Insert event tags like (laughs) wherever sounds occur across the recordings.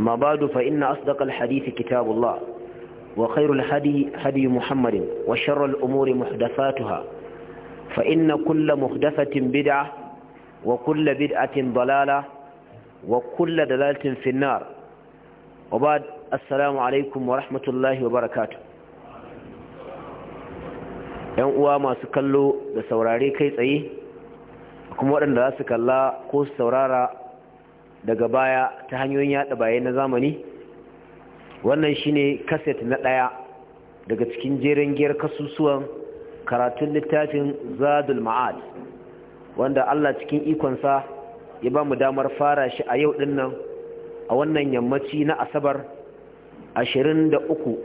أما بعد فإن أصدق الحديث كتاب الله وخير الهدي هدي محمد وشر الأمور محدثاتها فإن كل محدثة بدعة وكل بدعة ضلالة وكل دلالة في النار وبعد السلام عليكم ورحمة الله وبركاته ‘yan uwa masu kallo da saurare kai tsaye kuma waɗanda za su kalla ko su saurara daga baya ta hanyoyin yaɗa baye na zamani wannan shine kaset na ɗaya daga cikin jeren giyar kasusuwan karatun littafin zadul ma'ad wanda Allah cikin ikonsa ya ba mu damar fara shi a yau ɗin nan a wannan yammaci na asabar 23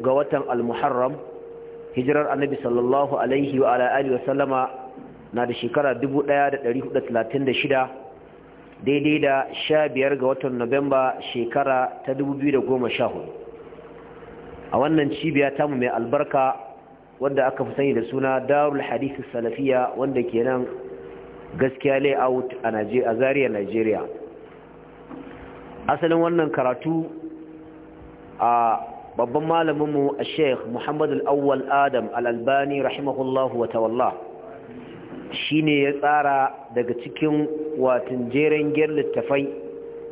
ga watan al-muharram hijirar annabi sallallahu alaihi wa ala alihi wa sallama na da shekara 1436 daidai da sha biyar ga watan Nuwamba shekara ta da goma sha hudu. a wannan cibiya tamu mai albarka wadda aka fi sani da suna darul hadithu salafiya wanda ke nan gaskiya layout a zariya nigeria asalin wannan karatu a babban malaminmu a sheikh muhammadul al'awwal adam al'albani rahimahullahu wa tawallah shi ne ya tsara daga cikin watan jeren gyar littafai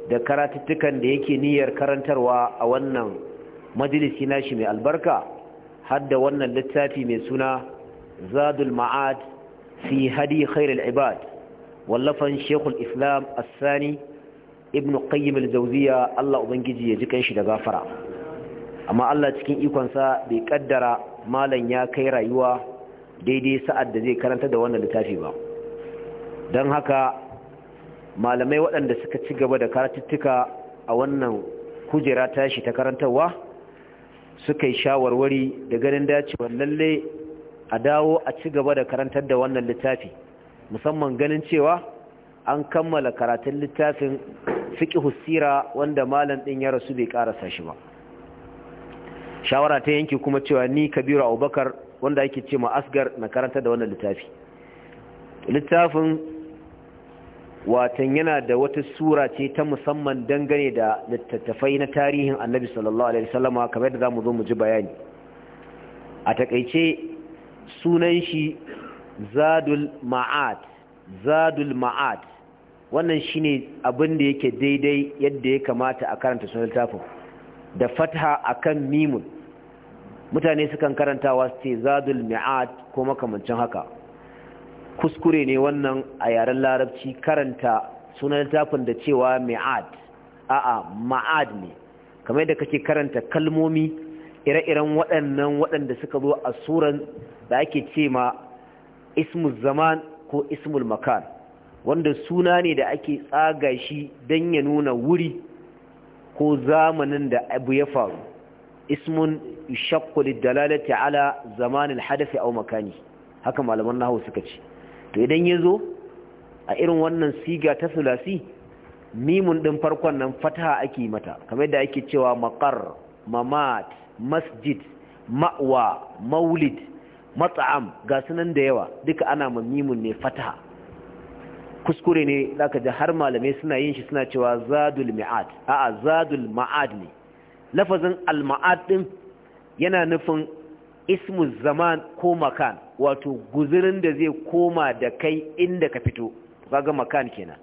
da karatuttukan da yake niyyar karantarwa a wannan majalisi shi mai albarka har wannan littafi mai suna zadul ma'ad fi hadi khairul ibad wallafan shekul islam assani ibn qayyim al-jawziya Allah ubangiji ya ji kanshi da gafara amma Allah cikin ikonsa bai kaddara malan ya kai rayuwa daidai sa'ad da zai karanta da wannan littafi ba don haka malamai waɗanda suka ci gaba da karatuttuka a wannan kujera tashi ta karantarwa suka yi shawarwari da ganin dacewa lalle a dawo a ci gaba da karantar da wannan littafi musamman ganin cewa an kammala karatun littafin fiƙi hussira wanda malam ɗin ya rasu bai ƙarasa shi ba shawara ta yanki kuma cewa ni kabiru abubakar wanda ake ce ma asgar na karanta da wannan littafi littafin watan yana da wata sura ce ta musamman dangane da littattafai na tarihin annabi sallallahu alaihi wasallama kamar yadda zamu zo mu ji bayani a takeice sunan shi zadul ma'ad zadul ma'ad wannan shine abin da yake daidai yadda ya kamata a karanta sunan littafin da fatha akan mimun mutane sukan karantawa su ce zadul mi'ad ko makamancin haka kuskure ne wannan a yaren larabci karanta sunan littafin da cewa mi'ad a'a ma'ad ne kamar yadda kake karanta kalmomi ire-iren waɗannan waɗanda suka zo a suran da ake ce ma ismul zaman ko ismul makan wanda suna ne da ake tsaga shi don ya nuna wuri ko zamanin da abu ya faru ismun yushaqqu lidalalati ala zaman alhadath aw makani haka malaman nahwu suka ce to idan yazo a irin wannan siga ta sulasi mimun din farkon nan fataha ake mata kamar yadda ake cewa maqar mamat masjid ma'wa maulid mat'am ga sunan da yawa duka ana ma mimun ne fataha kuskure ne zaka ji har malamai suna yin shi suna cewa zadul mi'ad a'a zadul ma'ad ne lafazin al-ma'ad din yana nufin ismu zaman ko makan wato guzurin da zai koma da kai inda ka fito kaga makan kenan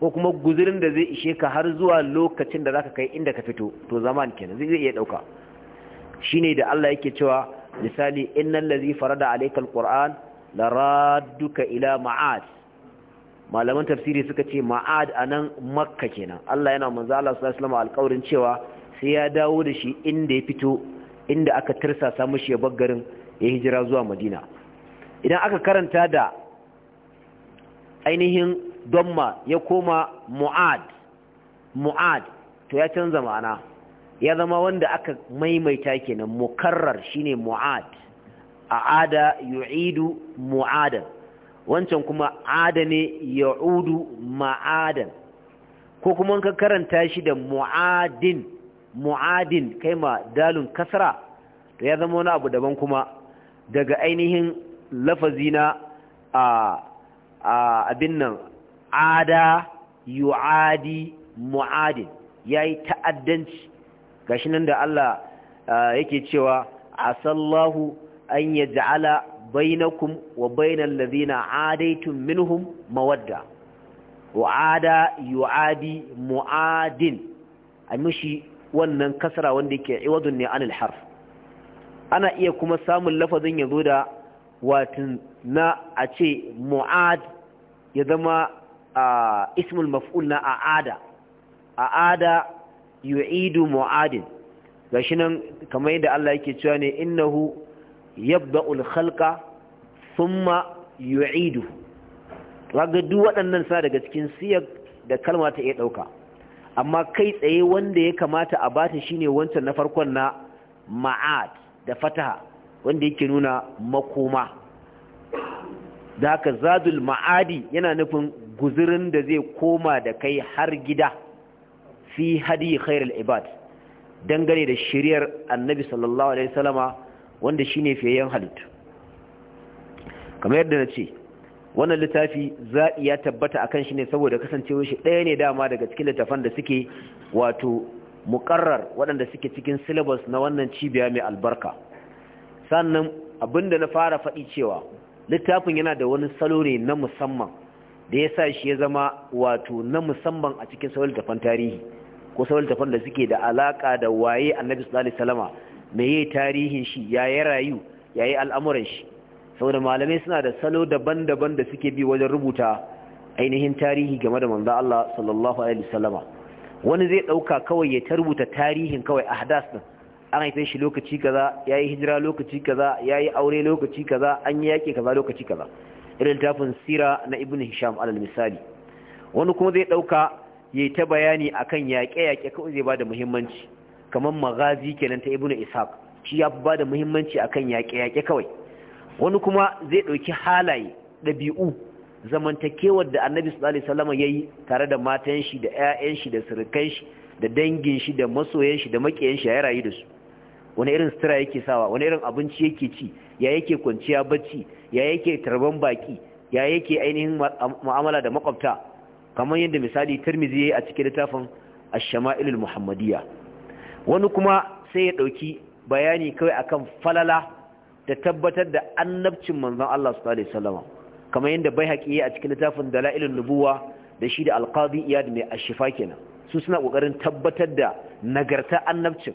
ko kuma guzirin da zai ishe ka har zuwa lokacin da zaka kai inda ka fito to zaman kenan zai iya dauka shine da Allah yake cewa misali innal ladhi farada alaykal qur'an laradduka ila ma'ad malaman tafsiri suka ce ma'ad nan makka kenan Allah yana manzo Allah sallallahu alaihi wasallam alƙawarin cewa sai ya dawo da shi inda ya fito inda aka tirsasa mashi ya garin ya hijira zuwa madina idan aka karanta da ainihin donma ya koma mu'ad mu'ad to ya canza ma'ana ya zama wanda aka maimaita kenan mukarrar shine mu'ad a ada yu'idu mu'adan wancan kuma ada ne ya'udu ma'adan ko kuma ka karanta shi da mu'adin mu'adin kai ma dalun kasra to ya zama wani abu daban kuma daga ainihin lafazi na a abin nan ada yu'adi mu'adin yayi ta'addanci gashi nan da Allah yake cewa asallahu an yaj'ala bainakum wa bainal ladina adaitun minhum mawadda 'ada yu'adi mu'adin a mishi wannan kasara wanda yake iwadun ne anil harf ana iya kuma samun lafazin ya da watin na a ce mu'ad ya zama ismul maf'ul na a'ada a'ada yu'idu mu'adin gashi nan kamar yadda Allah yake cewa ne innahu yabda'ul khalqa thumma yu'idu ga duk waɗannan suna daga cikin siyar da kalma ta iya ɗauka amma kai tsaye wanda ya kamata a bata shine wancan na farkon na ma'ad da fataha wanda yake nuna makoma da haka zadul ma'adi yana nufin guzurin da zai koma da kai har gida fi hadi khairul ibad dangane da shiriyar annabi sallallahu alaihi wasallama wanda shine fiyayyen halittu kamar yadda na ce wannan littafi za'i ya tabbata a kan shi ne saboda kasancewar shi ɗaya ne dama daga cikin littafan da suke wato muƙarrar waɗanda suke cikin syllabus na wannan cibiya mai albarka sannan abin da na fara faɗi cewa littafin yana da wani salo ne na musamman da ya sa shi ya zama wato na musamman a cikin sauran littafan tarihi ko sauran littafan da suke da alaƙa da waye annabi sallallahu alaihi wasallama me yayi tarihin shi ya yi rayu ya yi al'amuran shi saboda malamai suna da salo daban-daban da suke bi wajen rubuta ainihin tarihi game da manzo Allah sallallahu alaihi wani zai dauka kawai ya ta rubuta tarihin kawai ahdas din an haife shi lokaci kaza yayi hijira lokaci kaza yayi aure lokaci kaza an yi yaki kaza lokaci kaza irin tafin sira na ibnu hisham alal misali wani kuma zai dauka yayi ta bayani akan yaƙe-yaƙe kawai zai bada muhimmanci kamar magazi kenan ta ibnu ishaq shi ya bada muhimmanci akan yaƙe-yaƙe kawai wani kuma zai ɗauki halaye ɗabi'u zamantakewar da annabi sallallahu alaihi wasallam yayi tare da matan shi da ƴaƴan shi da surukan shi da dangin shi da masoyan shi da makiyan shi ya rayu da su wani irin sutura yake sawa wani irin abinci yake ci ya yake kwanciya bacci ya yake tarban baki ya yake ainihin mu'amala da makwabta kamar yadda misali Tirmidhi yayi a cikin littafin Ash-Shama'ilul Muhammadiyya wani kuma sai ya ɗauki bayani kawai akan falala da tabbatar da annabcin manzon Allah sallallahu alaihi wasallam kamar yadda Baihaqi a cikin littafin Dalailun Nubuwa da shi da al Iyad mai Ashifa kenan su suna kokarin tabbatar da nagarta annabcin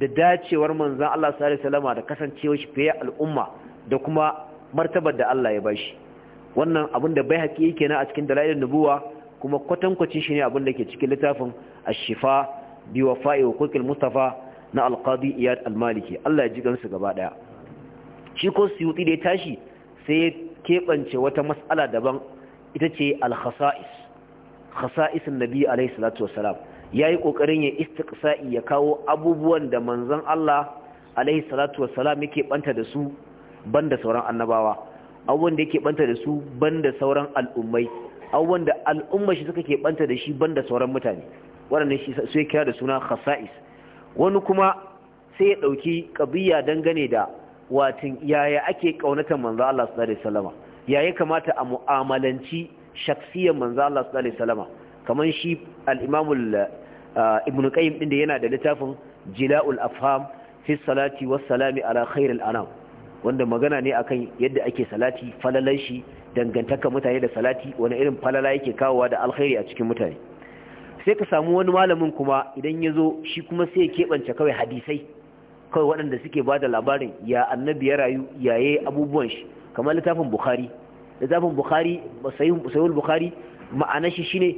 da dacewar manzon Allah sallallahu alaihi wasallam da kasancewar shi fiye al'umma da kuma martabar da Allah ya bashi wannan abin da Baihaqi yake na a cikin Dalailun Nubuwa kuma kwatankwacin shi ne abin da ke cikin littafin Ashifa bi wafa'i wa Mustafa na al Iyad Al-Maliki Allah ya ji gansu gaba daya shi ko suyuti da ya tashi sai ya keɓance wata matsala daban ita ce al-khasa'is khasa'isin nabi alaihi salatu ya yi ƙoƙarin ya istiqsa'i ya kawo abubuwan da manzon Allah alaihi salatu wassalam yake ɓanta da su banda sauran annabawa abubuwan da yake ɓanta da su banda sauran al'ummai abubuwan da al'umma shi suka ke da shi banda sauran mutane waɗannan shi sai kira da suna Hasa'is. wani kuma sai ya ɗauki ƙabiya dangane da watin yaya ake kaunatar manzo Allah sallallahu alaihi yaya kamata a mu'amalanci shaksiyar manzo Allah sallallahu alaihi wasallama kaman shi al-Imam uh, Ibn Qayyim din da yana da littafin Jila'ul Afham fi salati was salami ala khairil anam wanda magana ne akan yadda ake salati falalan shi dangantaka mutane da salati wani irin falala yake kawowa da alkhairi a cikin mutane sai ka samu wani malamin kuma idan ya zo shi kuma sai ya keɓance kawai hadisai kawai waɗanda suke ba da labarin ya annabi ya rayu yaye abubuwan shi kamar littafin bukhari littafin bukhari sayul bukhari ma'ana shi shine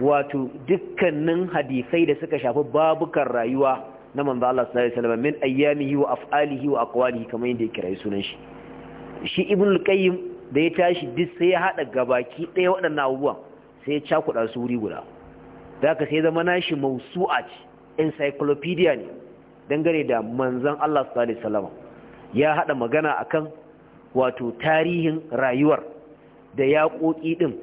wato dukkanin hadisai da suka shafi babukan rayuwa na manzo Allah sallallahu alaihi wasallam min ayyamihi wa af'alihi wa aqwalihi kamar yadda yake rayu sunan shi shi ibnul qayyim da ya tashi duk sai ya hada gabaki ɗaya waɗannan abubuwan sai ya cakuɗa su wuri guda da sai zama nashi mausu'a ce encyclopedia ne dangane da manzon Allah sallallahu alaihi ya haɗa magana akan wato tarihin rayuwar da yaƙoƙi ɗin,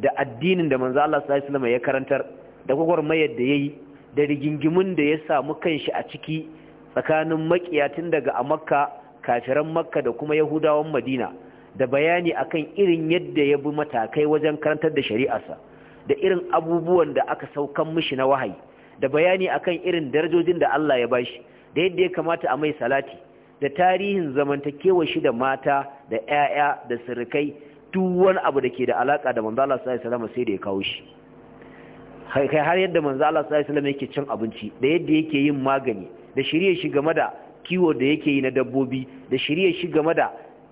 da addinin da manzon Allah sallallahu alaihi ya karantar da gwagwarmayar da ya yi, da rigingimun da ya samu kanshi a ciki tsakanin makiyatin daga a Makka kafiran Makka da kuma Yahudawan Madina da bayani akan irin yadda ya bi matakai wajen karantar da shari'arsa da irin abubuwan da aka saukan mishi na wahayi da bayani akan irin darajojin da Allah ya bashi da yadda ya kamata a mai salati da tarihin zamantakewa shi da mata da ƴaƴa da sirkai duk wani abu da ke da alaka da manzo Allah sallallahu alaihi wasallam sai da ya kawo shi kai har yadda manzo Allah sallallahu alaihi wasallam yake cin abinci da yadda yake yin magani da shirye shi game da kiwo da yake yi na dabbobi da shirye shi game da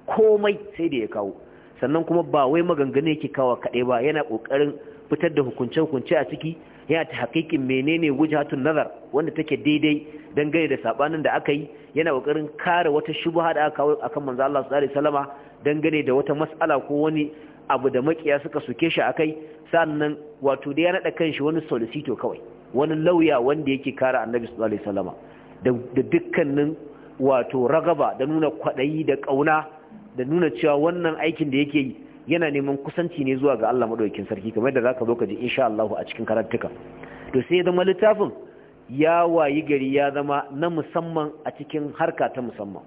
komai sai da ya kawo sannan kuma ba wai maganganu yake kawo kaɗai ba yana ƙoƙarin fitar da hukunce-hukunce a ciki yana ta haƙiƙin menene wujatun nazar wanda take daidai dangane da saɓanin da aka yi yana kokarin kare wata shubha da aka kawo akan manzo Allah sallallahu alaihi wasallama dangane da wata mas'ala ko wani abu da makiya suka suke shi kai sannan wato da ya nada kanshi wani solicito kawai wani lauya wanda yake kare annabi sallallahu alaihi wasallama da dukkanin wato ragaba da nuna kwaɗayi da ƙauna da nuna cewa wannan aikin da yake yi yana neman kusanci ne zuwa ga Allah madaukakin sarki kamar da zaka zo ka ji insha Allah a cikin karantuka to sai zama littafin ya wayi gari ya zama na musamman a cikin harka ta musamman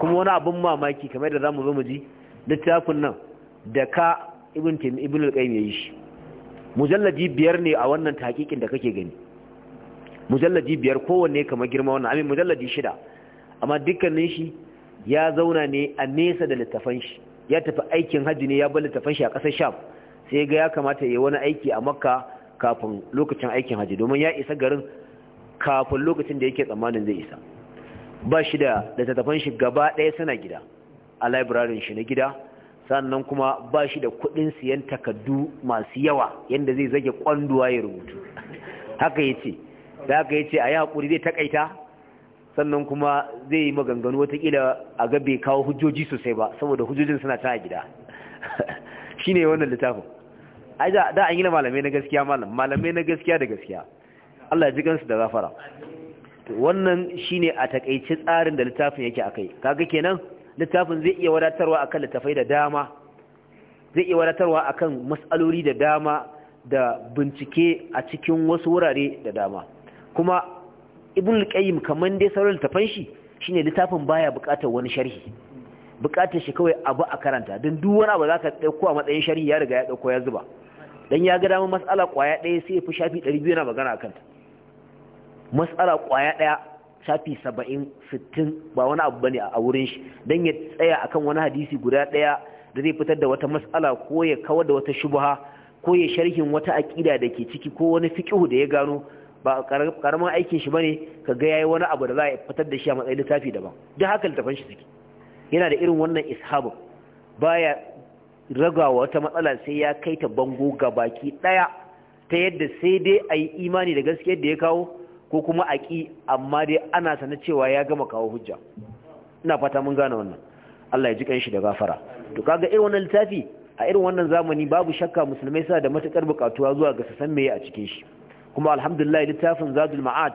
kuma wani abun mamaki kamar da zamu zo mu ji littafin nan da ka ibn tim ibn al-qayyim yayi shi mujalladi biyar ne a wannan tahqiqin da kake gani mujalladi biyar kowanne kamar girma wannan amin mujalladi shida amma dukkanin shi ya zauna ne a nesa da littafan shi ya tafi aikin hajji ne ya bar littafan shi a ƙasar sham sai ga ya kamata ya yi wani aiki a makka kafin lokacin aikin hajji domin ya isa garin kafin lokacin da yake tsammanin zai isa ba shi da littattafan shi gaba ɗaya suna gida a labirarin shi na gida sannan kuma ba shi da kuɗin siyan takardu masu yawa yadda zai zage kwanduwa ya rubutu (laughs) haka ya ce da haka ya ce a yi haƙuri zai takaita sannan kuma zai yi maganganu watakila a ga kawo hujjoji sosai ba saboda hujjojin suna ta gida (laughs) shi ne wannan littafin da an yi na malamai na gaskiya malamai na gaskiya da gaskiya Allah ya ji gansu da zafara wannan shi ne a takaice tsarin da littafin yake akai kaga kenan littafin zai iya wadatarwa a kan littafai da dama zai iya wadatarwa a kan matsaloli da dama da bincike a cikin wasu wurare da dama kuma ibn qayyim kaman dai sauran littafan shi shine littafin baya buƙatar wani sharhi buƙatar shi kawai abu a karanta don duk wani abu zaka dauko a matsayin sharhi ya riga ya dauko ya zuba dan ya ga dama mas'ala kwaya ɗaya sai ya fi shafi 200 na magana akan ta mas'ala kwaya ɗaya shafi 70 60 ba wani abu bane a wurin shi dan ya tsaya akan wani hadisi guda ɗaya da zai fitar da wata mas'ala ko ya kawar da wata shubha ko ya sharhin wata aƙida da ke ciki ko wani fiƙihu da ya gano ba karamin aikin shi bane ka ga yayi wani abu da za a fitar da shi a matsayin littafi daban duk haka littafan shi take yana da irin wannan ishabu baya ragawa wata matsala sai ya kai ta bango ga baki daya ta yadda sai dai a yi imani da gaskiyar da ya kawo ko kuma a ƙi amma dai ana sanar cewa ya gama kawo hujja ina fata mun gane wannan Allah ya ji shi da gafara to kaga irin wannan littafi a irin wannan zamani babu shakka musulmai suna da matukar bukatuwa zuwa ga su san meye a cikin shi kuma alhamdulillah littafin zadul ma'ad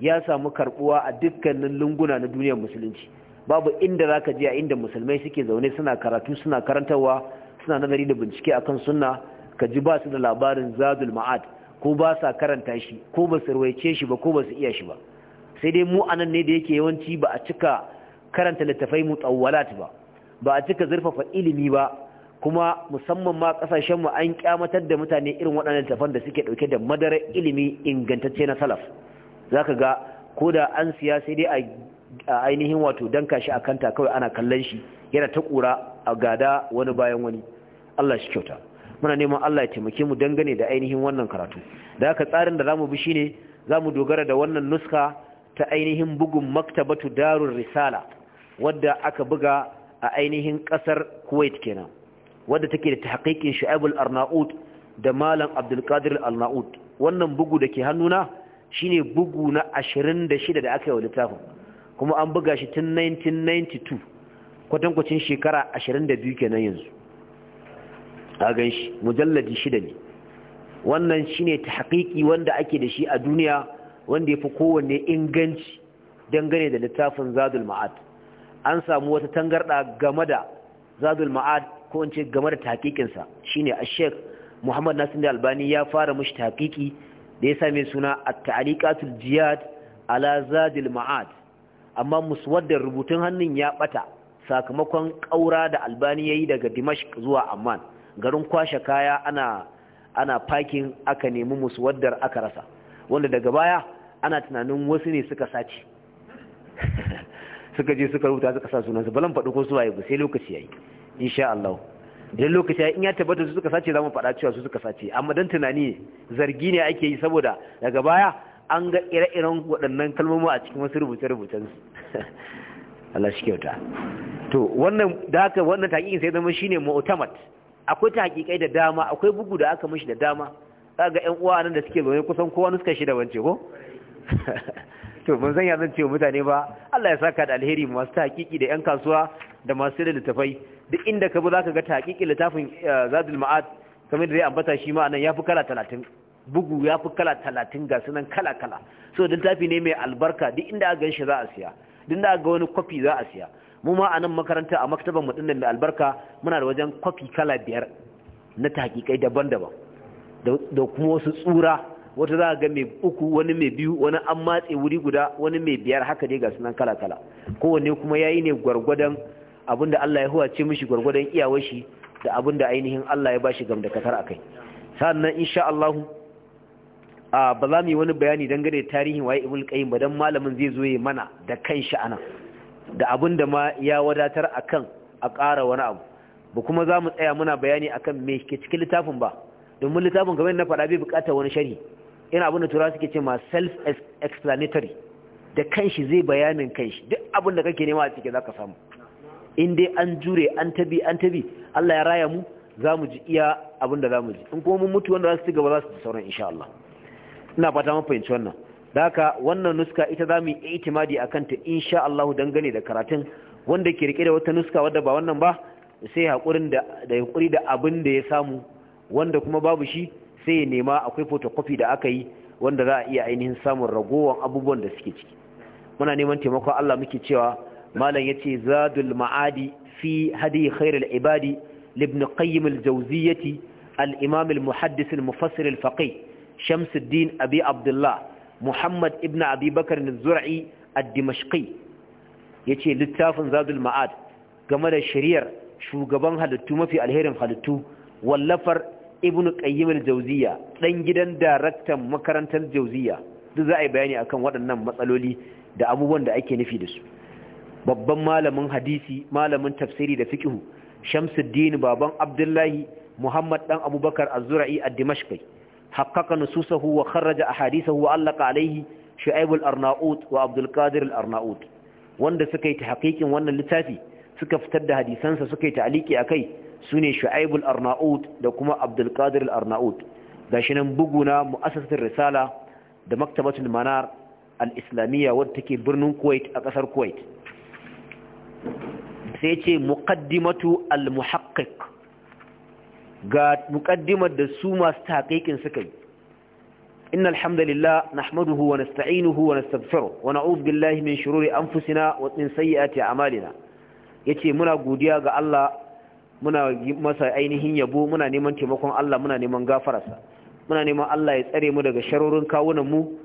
ya samu karbuwa a dukkanin lunguna na duniyar musulunci babu inda zaka je a inda musulmai suke zaune suna karatu suna karantarwa suna nazari da bincike akan sunna ka ji ba su da labarin zadul ma'ad ko ba sa karanta shi ko ba su rawaice shi ba ko ba su iya shi ba sai dai mu anan ne da yake yawanci ba a cika karanta littafai mutawwalat ba ba a cika zurfafa ilimi ba kuma musamman ma kasashen mu an kyamatar da mutane irin waɗannan littafan da suke ɗauke da madarar ilimi ingantacce na salaf zaka ga ko da an siya sai dai a ainihin wato danka shi akan ta kawai ana kallon shi yana ta kura a gada wani bayan wani Allah shi kyauta muna neman Allah ya taimake mu dangane da ainihin wannan karatu da haka tsarin da zamu bi shi shine zamu dogara da wannan nuska ta ainihin bugun maktabatu darur risala wadda aka buga a ainihin kasar Kuwait kenan wadda take da tahqiqin Shu'aib al-Arnaut da Malam Abdul Qadir al-Arnaut wannan bugu da ke hannuna shine bugu na 26 da aka yi wa littafin kuma an buga shi tun 1992 kwatankwacin shekara 22 kenan yanzu a gan mujalladi shida ne wannan shine tahqiqi wanda ake da shi a duniya wanda yafi kowanne inganci dangane da littafin Zadul Ma'ad an samu wata tangarda game da Zadul Ma'ad ko in ce game da taƙiƙinsa shine ashek muhammad nasir albani ya fara mashi taƙiƙi da ya same suna a ta'alikatul jihad ala zadil ma'ad amma muswaddar rubutun hannun ya ɓata sakamakon ƙaura da albani ya yi daga dimashq zuwa amman garin kwashe kaya ana ana fakin aka nemi muswaddar aka rasa wanda daga baya ana tunanin wasu ne suka sace suka je suka rubuta suka sa sunansu balan faɗi ko suwaye ba sai lokaci yayi insha Allah idan lokaci yayi in ya tabbata su suka sace zamu faɗa cewa su suka sace amma dan tunani zargi ne ake yi saboda daga baya an ga ire-iren waɗannan kalmomi a cikin wasu rubuce-rubucen su (laughs) Allah shi kyauta to wannan da haka wannan taƙi sai zama shine mu'tamad akwai ta haƙiƙai da dama akwai bugu da aka mishi da dama za ga ƴan uwa nan da suke zaune kusan kowa suka shi da wance ko (laughs) to ban san ya zan ce mutane ba Allah ya saka da alheri masu hakiki da yan kasuwa da masu da littafai duk inda ka bi zaka ga hakiki littafin eh, Zadul Ma'ad kamar da zai ambata shi ma ya yafi kala 30 bugu yafi kala 30 ga sunan kala kala so littafi ne mai albarka duk inda aka ganshi za a siya duk da ga wani kwafi za a siya mu ma a makaranta a maktaban mu dinnan mai albarka muna da wajen kwafi kala biyar na taƙiƙai daban-daban da kuma wasu tsura wata za a ga mai uku wani mai biyu wani an matse wuri guda wani mai biyar haka dai ga sunan kala kala kowanne kuma ya yi ne gwargwadon abinda Allah ya huwace mishi gwargwadon iyawar shi da abinda ainihin Allah ya bashi gamdakatar akai sannan insha Allah a ba za mu yi wani bayani dangane da tarihin waye ibul qayyim ba dan malamin zai zo ya mana da kanshi ana da da ma ya wadatar akan a ƙara wani abu ba kuma za mu tsaya muna bayani akan me ke cikin littafin ba domin littafin kamar na faɗa bai buƙatar wani sharhi ina abin da tura suke ce ma self-explanatory da kanshi zai bayanin kanshi duk abin da kake nema a cikin za ka samu in dai an jure an tabi an tabi Allah ya raya mu za mu ji iya abin da za mu ji in kuma mun mutu wanda za su ci gaba za su ci sauran insha Allah ina fata mun fahimci wannan da haka wannan nuska ita za mu yi itimadi a kanta insha Allah dangane da karatun wanda ke rike da wata nuska wadda ba wannan ba sai haƙurin da da hakuri da abin da ya samu wanda kuma babu shi sai ya nema akwai photocopy da aka yi wanda za a iya ainihin samun ragowar abubuwan da suke ciki muna neman taimakon Allah muke cewa malam yace zadul ma'adi fi hadi khairul ibadi libn qayyim al-jawziyyati al-imam al-muhaddis al-mufassir al-faqih shamsuddin abi abdullah muhammad ibn abi bakr al-zur'i ad-dimashqi yace littafin zadul ma'ad game da shari'ar shugaban halittu mafi alherin halittu wallafar ibn qayyim al ɗan dan gidan daraktan makarantar jawziya duk za a yi bayani akan waɗannan matsaloli da abubuwan da ake nufi da su babban malamin hadisi malamin tafsiri da fiqhu shamsuddin baban abdullahi muhammad dan abubakar az-zura'i ad-dimashqi haqqaqa nususahu wa kharraja ahadithahu wa allaqa alayhi shu'aib al-arnaut wa abdul qadir al-arnaut wanda suka yi tahqiqin wannan littafi suka fitar da hadisansa suka yi ta'liqi akai sune Shu'aib al-Arnaud da kuma Abdul Qadir al-Arnaud shi nan buguna mu'assasatul Risala da Maktabatul Manar al-Islamiyya wadda take birnin Kuwait a kasar Kuwait sai ce muqaddimatu al-muhaqqiq ga muqaddimar da su masu taqiqin suka yi إن الحمد لله نحمده ونستعينه ونستغفره ونعوذ بالله من شرور أنفسنا ومن سيئات amalina yace muna godiya ga Allah muna masa ainihin yabo muna neman taimakon Allah muna neman gafararsa muna neman Allah ya tsare mu daga sharorin kawunan mu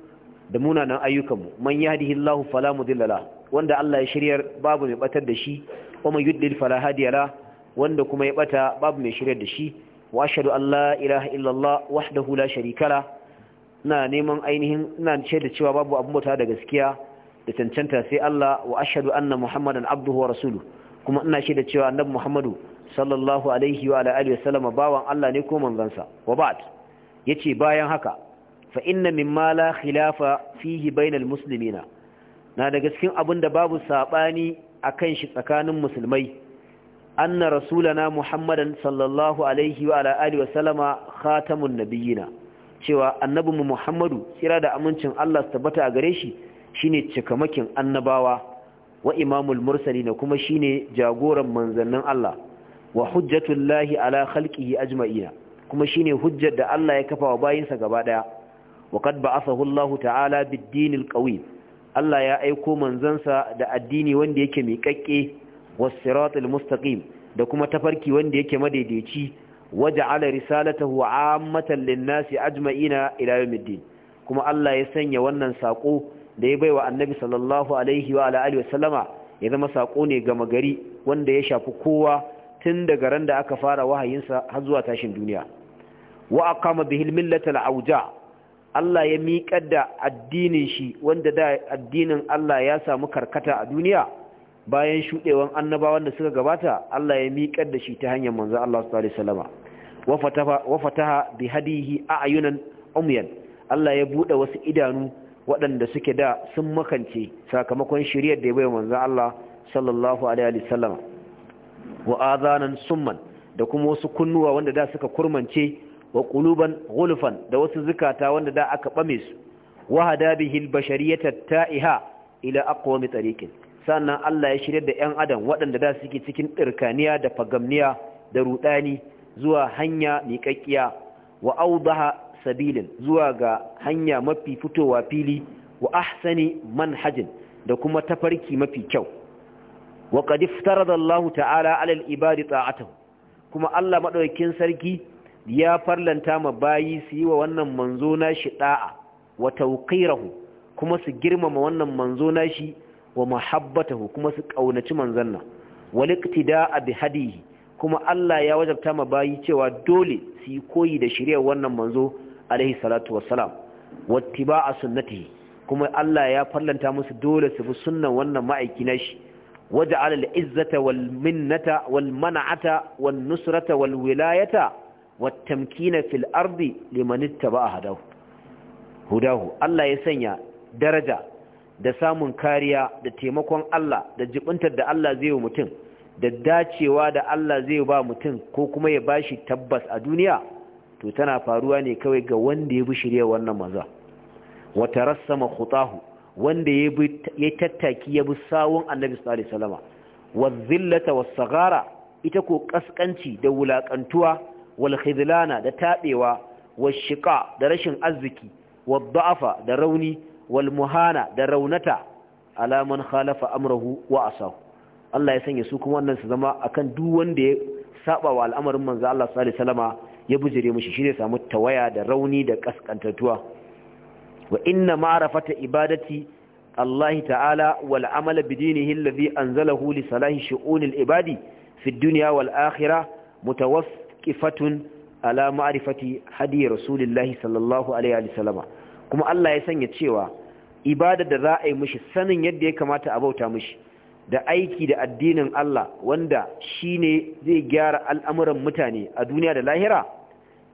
da munanan ayyukan mu man yahdihillahu fala mudilla wanda Allah ya shiryar babu mai batar da shi wa man yudlil fala hadiya wanda kuma ya bata babu mai shiryar da shi wa ashhadu an la ilaha illallah wahdahu la sharika la na neman ainihin ina ce cewa babu abin bauta da gaskiya da cancanta sai Allah wa ashhadu anna muhammadan abduhu wa rasuluhu kuma ina shaida cewa annabi muhammadu sallallahu alaihi wa alihi sallama bawan Allah ne ko manzansa wa ba'd yace bayan haka fa inna mimma la khilafa fihi bainal muslimina na daga cikin abin da babu sabani akan shi tsakanin musulmai anna rasulana muhammadan sallallahu alaihi wa alihi sallama khatamun nabiyina cewa annabinmu muhammadu kira da amincin Allah ta tabbata a gare shi shine cikamakin annabawa wa imamul mursali kuma shine jagoran manzannin Allah wa hujjatullahi ala khalqihi ajma'ina kuma shine hujjar da Allah ya kafa wa bayinsa gaba daya wa qad ba'athahu ta'ala bid-din al Allah ya aiko manzansa da addini wanda yake miƙaƙƙe was-siratal mustaqim da kuma tafarki wanda yake madaidaici waja'ala risalatahu 'ammatan lin-nasi ajma'ina ila yawmiddin kuma Allah ya sanya wannan sako da ya baiwa Annabi sallallahu alaihi wa alihi ya zama sako ne gama gari wanda ya shafi kowa tun daga ran da aka fara wahayinsa har zuwa tashin duniya wa aqama bihil millata al-auja Allah ya miƙar da addinin shi wanda da addinin Allah ya samu karkata a duniya bayan shudewan annabawan da suka gabata Allah ya miƙar da shi ta hanyar manzo Allah sallallahu alaihi wa fataha bi hadihi a'yunan umyan Allah ya bude wasu idanu waɗanda suke da sun makance sakamakon shiriyar da ya bai manzo Allah sallallahu alaihi wa azanan summan da kuma wasu kunnuwa wanda da suka kurmance wa kuluban gulfan da wasu zukata wanda da aka bame su wa hada bihi albashariyata ta'iha ila aqwami tariqin sannan Allah ya shirye da ƴan adam waɗanda da suke cikin irkaniya da fagamniya da rudani zuwa hanya miƙaƙiya wa awdaha sabilin zuwa ga hanya mafi fitowa fili wa ahsani manhajin da kuma tafarki mafi kyau wa qad iftarada Allah ta'ala 'ala al-ibadi ta'atuhu kuma Allah madaukakin sarki ya farlanta ma bayi su yi wa wannan manzo nashi da'a wa tawqirahu kuma su girmama wannan manzo nashi wa mahabbatahu kuma su kaunaci manzon nan wal iktida'a bi hadihi kuma Allah ya wajabta ma bayi cewa dole su yi koyi da shirya wannan manzo alaihi salatu wassalam wattiba'a sunnatihi kuma Allah ya farlanta musu dole su bi sunnan wannan ma'aiki nashi وجعل العزة والمنة والمنعة والنصرة والولاية والتمكين في الأرض لمن اتبع هداه هداه الله يسنى درجة da samun kariya da taimakon Allah da jibintar da Allah zai yi mutum da dacewa da Allah zai ba mutum ko kuma ya bashi tabbas a duniya to tana faruwa ne kawai ga wanda ya bi shirye wannan maza wata rassama khutahu wanda ya tattaki ya bi sawon annabi sallallahu alaihi wasallama wazillata was-sagara ita ko kaskanci da wulakantuwa wal khidlana da tabewa shiƙa da rashin arziki ba'afa da rauni wal muhana da raunata ala man khalafa amrahu wa asahu Allah ya sanya su kuma wannan su zama akan duk wanda ya saba wa al'amarin manzo Allah sallallahu alaihi wasallama ya bujire mushi shi ne samu tawaya da rauni da kaskantatuwa wa inna ma'rafata ibadati Allah ta'ala wal'amala amal bi dinihi alladhi anzalahu li salahi shu'unil ibadi fi dunya wal akhirah mutawaffiqatun ala ma'rifati hadi rasulillahi sallallahu alaihi wa sallama kuma Allah ya sanya cewa ibada da za a yi mishi sanin yadda ya kamata a bauta mishi da aiki da addinin Allah wanda shine zai gyara al'amuran mutane a duniya da lahira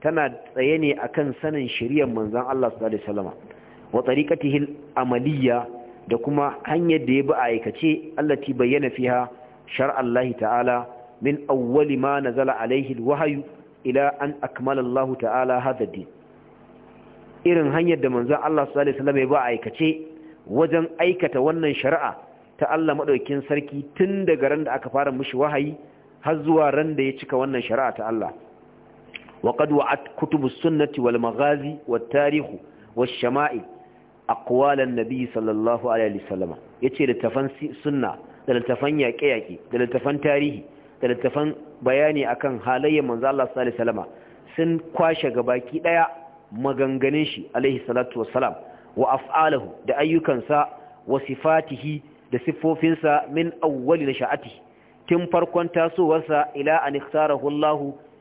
tana tsaye ne akan sanin shari'ar manzon Allah sallallahu alaihi wa sallama wa tariqatihi da kuma hanyar da ya bi aikace allati bayyana fiha shar'an Allah ta'ala min awwali ma nazala zala al wahayu ila an akmala ta'ala hadha irin hanyar da manzon Allah sallallahu alaihi ya bi aikace wajen aikata wannan shari'a ta Allah maɗaukin sarki tun daga ran da aka fara mishi wahayi har zuwa ran da ya cika wannan shari'a ta Allah wa qad wa'at kutubus sunnati wal maghazi wat tarihu wash shama'il aqwalan nabi sallallahu alaihi wasallam yace littattafan sunna da littafan yaƙe-yaƙe da littafan tarihi da littattafan bayani akan halayyar manzo Allah sallallahu alaihi wasallam sun kwashe gabaki daya maganganun shi alaihi salatu wassalam wa af'aluhu da ayyukansa wa sifatihi da siffofinsa min awwali nasha'ati tun farkon tasowarsa ila an ikhtarahu Allah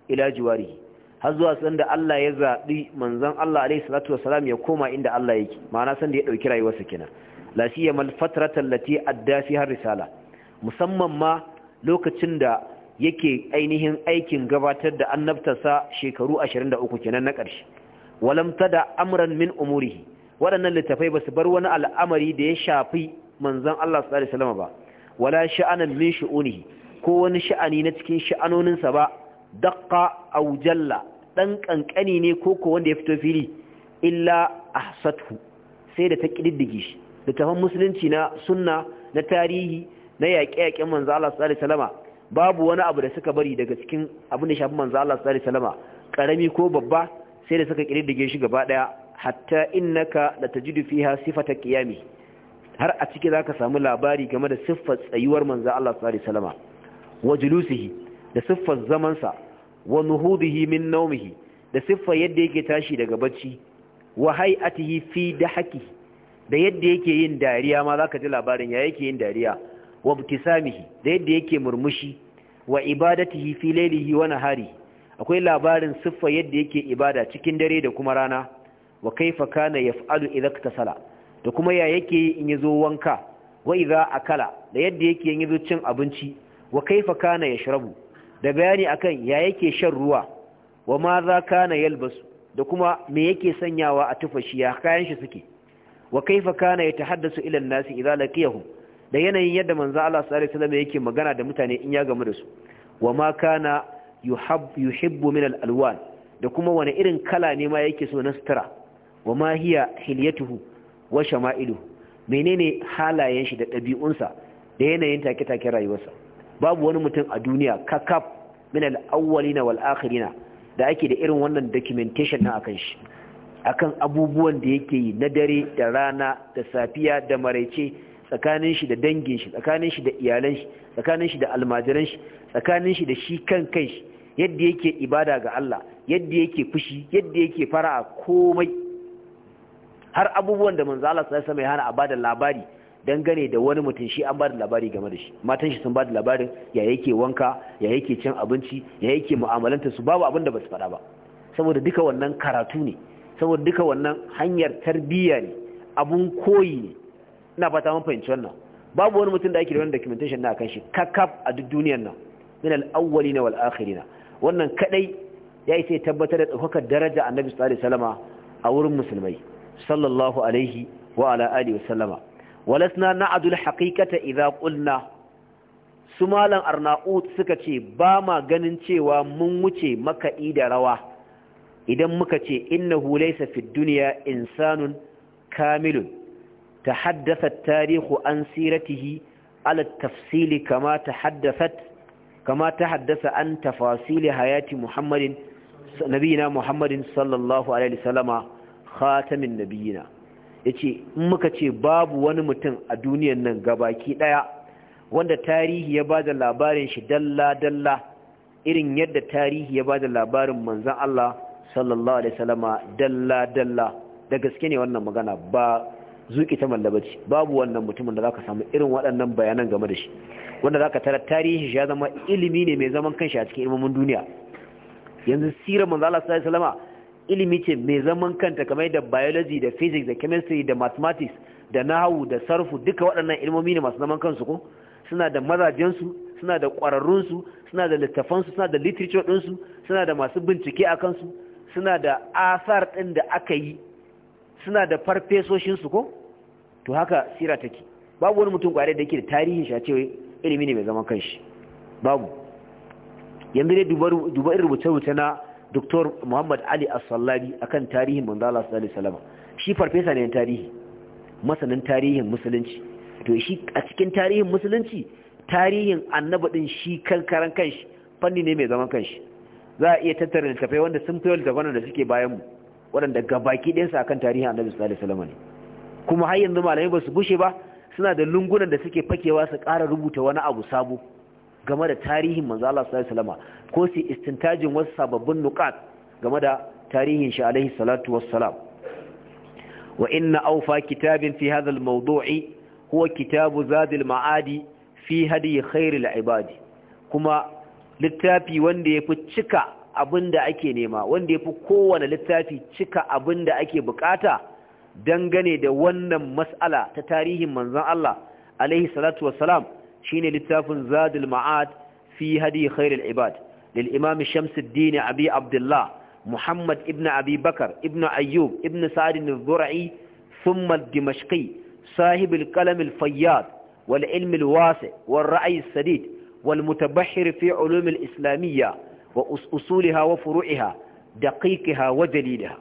ila jiwarihi har zuwa sanda Allah ya zaɓi manzon Allah alaihi ya koma inda Allah yake ma'ana sanda ya ɗauki rayuwarsa kenan la siya mal tallace addasi adda fiha risala musamman ma lokacin da yake ainihin aikin gabatar da annabtarsa shekaru 23 kenan na ƙarshe walam da amran min umurihi waɗannan littafai ba su bar wani al'amari da ya shafi manzon Allah sallallahu ba wala sha'anan min shu'unihi ko wani sha'ani na cikin sha'anoninsa ba daƙa aujalla jalla ɗan ƙanƙani ne ko wanda ya fito fili illa satu sai da ta ƙididdige shi tafan musulunci na sunna na tarihi na yaƙe-yaƙen manzo Allah sallallahu alaihi wasallam babu wani abu da suka bari daga cikin abin da shafi manzo Allah sallallahu alaihi wasallam karami ko babba sai da suka ƙididdige shi gaba daya hatta innaka tajidu fiha sifata qiyami har a ciki zaka samu labari game da siffar tsayuwar manzo Allah sallallahu alaihi wasallam wa julusihi da siffar zamansa wa nuhudihi min naumihi da siffar yadda yake tashi daga bacci wa hay'atihi fi dahaki da yadda yake yin dariya ma zaka ji labarin ya yake yin dariya wa ibtisamihi da yadda yake murmushi wa ibadatihi fi laylihi wa nahari akwai labarin siffar yadda yake ibada cikin dare da kuma rana wa kaifa kana yaf'alu idza iktasala da kuma ya yake in yazo wanka wa idza akala da yadda yake in yazo cin abinci wa kaifa kana yashrabu da bayani akan ya yake shan ruwa wa ma za kana yalbasu da kuma me yake sanyawa a tufashi ya kayan shi suke wa kaifa kana ya ila ilan nasi idza laqiyahum da yanayin yadda manzo Allah sallallahu alaihi wasallam yake magana da mutane in ya gamu da su wa ma kana yuhibbu min al-alwan da kuma wani irin kala ne ma yake so na sutura wa ma hiya hilyatuhu wa shama'iluhu menene halayen shi da ɗabi'unsa da yanayin take-take rayuwarsa babu wani mutum a duniya kakaf min al na wal na, da ake da irin wannan documentation na akan shi akan abubuwan da yake yi na dare da rana da safiya da maraice tsakanin shi da dangin shi tsakanin shi da iyalan shi tsakanin shi da almajiran shi tsakanin shi da shi kan kai shi yadda yake ibada ga Allah yadda yake fushi yadda yake fara'a komai har abubuwan da manzo Allah sallallahu alaihi ya hana a bada labari dangane da wani mutum shi an ba da labari game da shi matan shi sun ba da labarin ya yake wanka ya yake cin abinci ya yake mu'amalanta su babu abin da ba su faɗa ba saboda duka wannan karatu ne saboda duka wannan hanyar tarbiyya ne abun koyi ne ina fata mun fahimci wannan babu wani mutum da ake da wani documentation na kan shi kakaf a duk duniyar nan min al awwalin wal akhirina wannan kadai ya isa ya tabbatar da ɗaukakar daraja annabi sallallahu alaihi wasallama a wurin musulmai sallallahu alaihi wa ala alihi wasallama ولسنا نعد الحقيقه اذا su malam ارناؤوت suka ce ba ma ganin cewa mun wuce maka ida rawa idan muka ce innahu laysa fi dunya insanun kamilun ta haddasa tarikh an siratihi ala at-tafsil kama tahaddathat kama an tafasil hayati muhammadin nabiyina muhammadin sallallahu alaihi wasallama khatamin nabiyina ya ce in muka ce babu wani mutum a duniyan nan gabaki ɗaya wanda tarihi ya ba da labarin shi dalla-dalla irin yadda tarihi ya ba da labarin manzan Allah sallallahu Alaihi salama dalla-dalla da gaske ne wannan magana ba zuki ta mallabaci babu wannan mutumin da za ka samu irin waɗannan bayanan game da shi wanda za ka tara tarihi ya zama ilimi ne mai zaman kanshi a cikin ilimin duniya yanzu sirar manzan Allah sallallahu Alaihi salama ilimi ce mai zaman kanta kamar da biology da physics da chemistry da mathematics da nahawu da sarfu duka waɗannan ilmomi ne masu zaman kansu ko suna da mazajensu suna da ƙwararrunsu suna da littafansu suna da literature ɗinsu suna da masu bincike a kansu suna da asar ɗin da aka yi suna da farfesoshinsu ko to haka sira take babu wani mutum ƙware da yake da tarihin shi a cewa ilimi ne mai zaman kanshi babu yanzu dai duba irin rubuce-rubuce na Dr. Muhammad Ali Asallari akan tarihin manzo Allah sallallahu shi farfesa ne tarihi masanin tarihin musulunci to shi a cikin tarihin musulunci tarihin annabi din shi kankaran kanshi fanni ne mai zaman kanshi za a iya tattara tafai wanda sun fi littafan da suke bayan mu waɗanda gabaki ɗinsa akan tarihin annabi sallallahu alaihi ne kuma har yanzu malamai ba su bushe ba suna da lungunan da suke fakewa su ƙara rubuta wani abu sabo game da tarihin manzo Allah sallallahu alaihi wasallam ko su istintajin wasu sababbin nuqat game da tarihin shi alaihi salatu wassalam wa inna awfa kitabin fi hadha al-mawdu'i huwa kitabu zad maadi fi hadi khair ibadi kuma littafi wanda yafi cika abinda ake nema wanda yafi kowane littafi cika abinda ake bukata dangane da wannan mas'ala ta tarihin manzon Allah alaihi salatu wassalam shine littafin zadul ma'ad fi hadi khairul ibad lil imam shamsuddin abi abdullah muhammad ibn abi bakar ibn ayyub ibn sa'd al-zura'i thumma al-dimashqi sahib al-qalam al-fayyad wal ilm al-wasi' wal ra'i al-sadid wal mutabahhir fi ulum al-islamiyya wa usulaha wa furu'iha daqiqiha wa jalilaha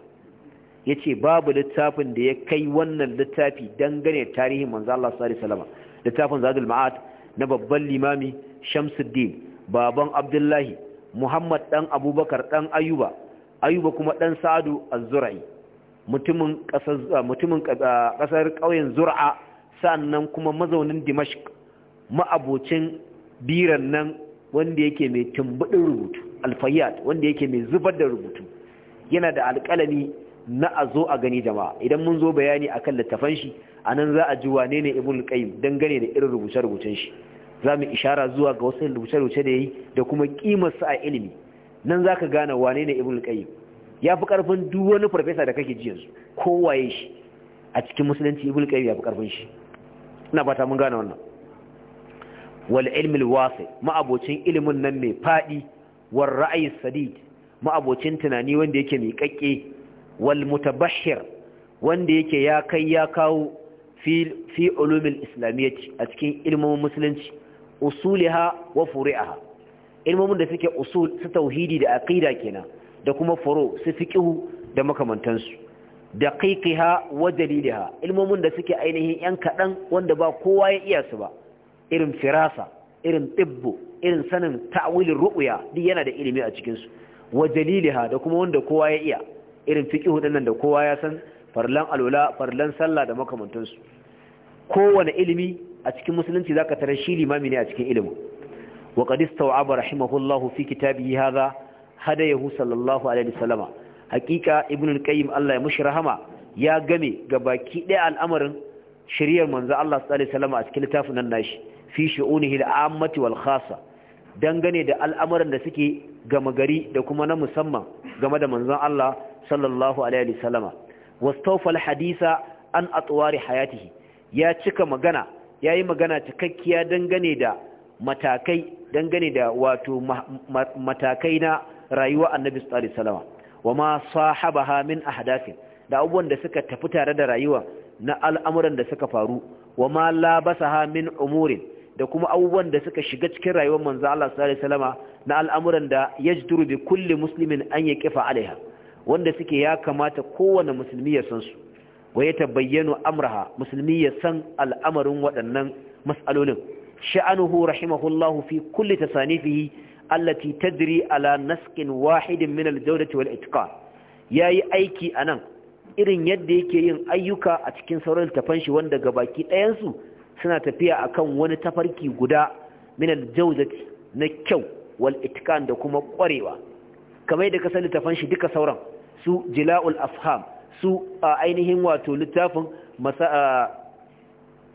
ya babu littafin da ya kai wannan littafi dangane tarihin manzo Allah sallallahu alaihi wasallam littafin zadul ma'ad na babban limami Shamsuddin baban Abdullahi Muhammad dan Abubakar dan Ayuba Ayuba kuma dan Sa'adu Az-Zura'i mutumin kasar ah, mutumin kasar ah, ƙauyen Zur'a sannan kuma mazaunin Dimashq ma'abocin biran nan wanda yake mai tumbudin rubutu Al-fayyad wanda yake mai zubar da rubutu yana da alƙalami na a zo a gani jama'a idan mun zo bayani akan littafan shi a nan za a ji wane ne ibn qayyim dangane da irin rubuce-rubucen shi za mu ishara zuwa ga wasu rubuce-rubuce da yi da kuma kimar sa a ilimi nan za ka gane wane ne ibn qayyim ya fi karfin duk farfesa da kake ji yanzu kowaye shi a cikin musulunci ibn qayyim ya fi karfin shi ina fata mun gane wannan wal ilmi wasi ma'abocin ilimin nan mai fadi war ra'ayi sadid ma'abocin tunani wanda yake mai kakke wal mutabashir wanda yake ya kai ya kawo fi ulumin islamiyyaci a cikin ilmomin musulunci usuliha wa furi'aha ilmomin da suke usul su tauhidi da aqida kenan da kuma furo su fiqhu da makamantansu daqiqiha wa daliliha ilmomin da suke ainihin yan kadan wanda ba kowa ya iya su ba irin firasa irin tibbu irin sanin ta'wilin ru'ya duk yana da ilimi a cikin su wa daliliha da kuma wanda kowa ya iya irin fiqhu dinnan da kowa ya san farlan alwala farlan sallah da makamantansu kowane ilimi a cikin musulunci zaka tare shi limami ne a cikin ilimin wa qad istaw'aba rahimahullahu fi kitabihi hadha hadayahu sallallahu alaihi wasallama hakika ibn al Allah ya mushi rahama ya game ga baki ɗaya al'amarin shiriyar manzo Allah sallallahu alaihi wasallama a cikin littafin nan nashi fi shu'unihi al-ammati wal khassa dangane da al'amuran da suke gama gari da kuma na musamman game da manzon Allah sallallahu alaihi wasallama wastofal hadisa an atwari hayatihi ya cika magana yayi magana cikakkiya dangane da matakai dangane da wato matakai na rayuwa annabi sallallahu alaihi wasallam wama sahabaha min ahdathin da abubuwan da suka tafi tare da rayuwa na al'amuran da suka faru wama labasaha min umurin da kuma abubuwan da suka shiga cikin rayuwar manzo Allah sallallahu alaihi na al'amuran da yajduru bi kulli muslimin an yaqifa alaiha wanda suke ya kamata kowane musulmi ya san su wa ya amraha musulmi ya san al'amarin waɗannan mas'alolin sha'anuhu rahimahullahu fi kulli tasanifihi allati tadri ala nasqin wahidin min al-jawdati wal itqan yayi aiki anan irin yadda yake yin ayyuka a cikin sauran tafan shi wanda gabaki ɗayan su suna tafiya akan wani tafarki guda min al-jawdati na kyau wal itqan da kuma ƙwarewa kamar yadda ka sani tafan shi duka sauran su jila'ul afham su ainihin wato littafin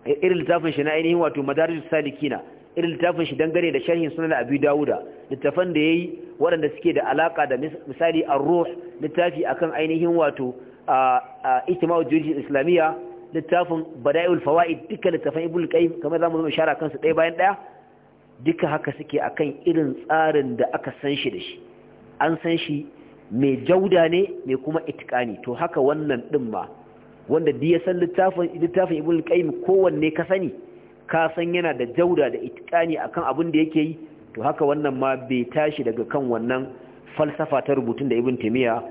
irin littafin shi na ainihin wato madarijus salikina irin littafin shi dangane da sharhin sunan abu dawuda littafan da ya yi waɗanda suke da alaƙa da misali ar littafi akan ainihin wato ijtima'u jirgin islamiyya littafin bada'ul fawaid duka littafan ibnu qayyim kamar zamu zo shara kansu ɗaya bayan ɗaya duka haka suke akan irin tsarin da aka san shi da shi an san shi mai jauda ne mai kuma itikani to haka wannan din ba wanda duk ya san littafin littafin ibn qayyim kowanne ka sani ka san yana da jauda da itikani akan abin da yake yi to haka wannan ma bai tashi daga kan wannan falsafa ta rubutun da ibn timiya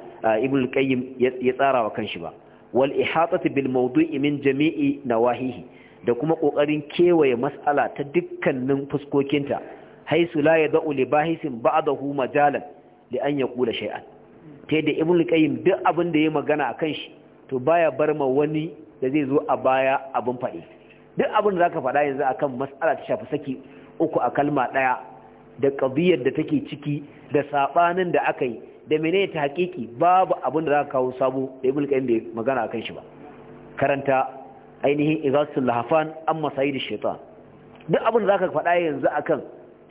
ibn qayyim ya tsara wa kanshi ba wal ihatatu bil mawdu'i min jami'i nawahihi da kuma kokarin kewaye mas'ala ta dukkanin fuskokinta haisu la yad'u li bahisin ba'dahu majalan li an yaqula shay'an ta da ibn qayyim duk abin da ya magana akan shi to baya bar ma wani da zai zo a baya abin fadi. duk abin da zaka faɗa yanzu akan mas'ala ta shafi saki uku a kalma ɗaya da qadiyar da take ciki da sabanin da aka yi da menene ta hakiki babu abin da zaka kawo sabo da ibn qayyim bai magana akan shi ba karanta ainihin igasul lahafan amma sayyidish shaitan duk abin da zaka faɗa yanzu akan